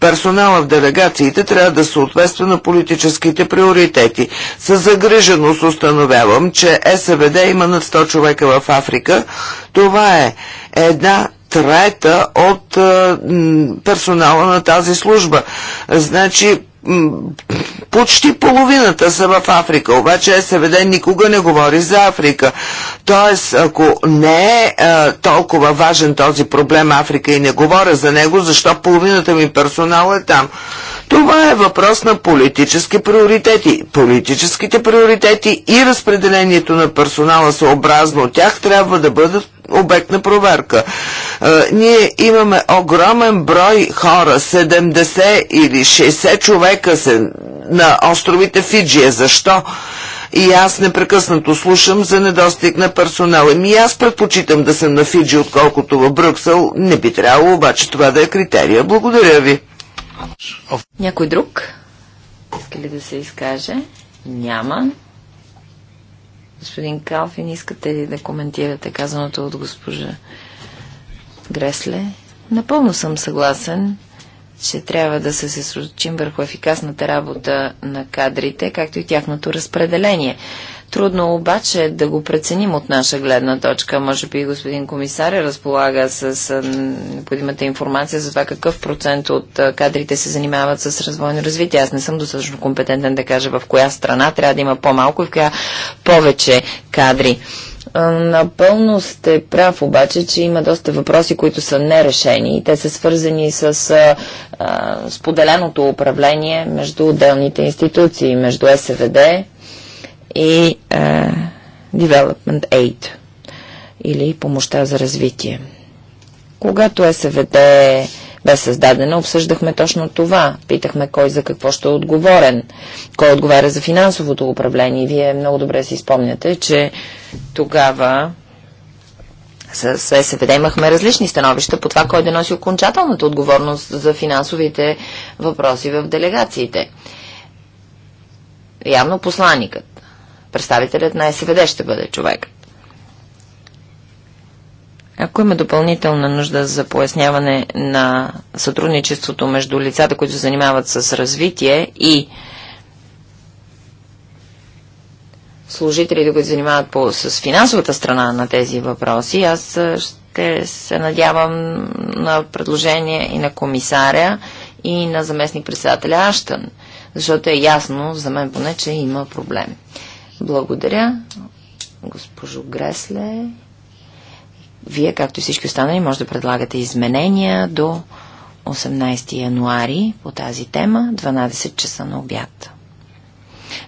персонала в делегациите трябва да съответства на политическите приоритети. С загриженост установявам, че СВД има над 100 човека в Африка. Това е една трета от е, персонала на тази служба. Значи почти половината са в Африка, обаче СВД никога не говори за Африка. Тоест, ако не е, е толкова важен този проблем Африка и не говоря за него, защо половината ми персонал е там? Това е въпрос на политически приоритети. Политическите приоритети и разпределението на персонала съобразно от тях трябва да бъдат обект на проверка. Ние имаме огромен брой хора, 70 или 60 човека се на островите Фиджия. Защо? и аз непрекъснато слушам за недостиг на персонал. И ами аз предпочитам да съм на Фиджи, отколкото в Брюксел. Не би трябвало обаче това да е критерия. Благодаря ви. Някой друг? Иска ли да се изкаже? Няма. Господин Калфин, искате ли да коментирате казаното от госпожа Гресле? Напълно съм съгласен, че трябва да се съсредоточим върху ефикасната работа на кадрите, както и тяхното разпределение. Трудно обаче да го преценим от наша гледна точка. Може би господин е разполага с необходимата информация за това какъв процент от кадрите се занимават с развойно развитие. Аз не съм достатъчно компетентен да кажа в коя страна трябва да има по-малко и в коя повече кадри. Напълно сте прав обаче, че има доста въпроси, които са нерешени. Те са свързани с а, споделеното управление между отделните институции, между СВД, и а, е, Development Aid или помощта за развитие. Когато СВД бе създадена, обсъждахме точно това. Питахме кой за какво ще е отговорен, кой отговаря за финансовото управление. вие много добре си спомняте, че тогава с СВД имахме различни становища по това, кой да носи окончателната отговорност за финансовите въпроси в делегациите. Явно посланикът Представителят на СВД ще бъде човек. Ако има допълнителна нужда за поясняване на сътрудничеството между лицата, които се занимават с развитие и служителите, които занимават по, с финансовата страна на тези въпроси, аз ще се надявам на предложение и на комисаря, и на заместник-председателя Аштън, защото е ясно, за мен поне, че има проблем. Благодаря, госпожо Гресле. Вие, както и всички останали, може да предлагате изменения до 18 януари по тази тема, 12 часа на обяд.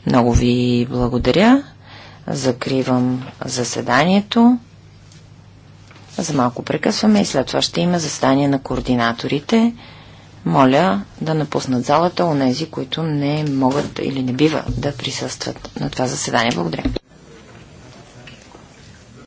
Много ви благодаря. Закривам заседанието. За малко прекъсваме и след това ще има заседание на координаторите. Моля да напуснат залата нези, които не могат или не бива да присъстват на това заседание. Благодаря.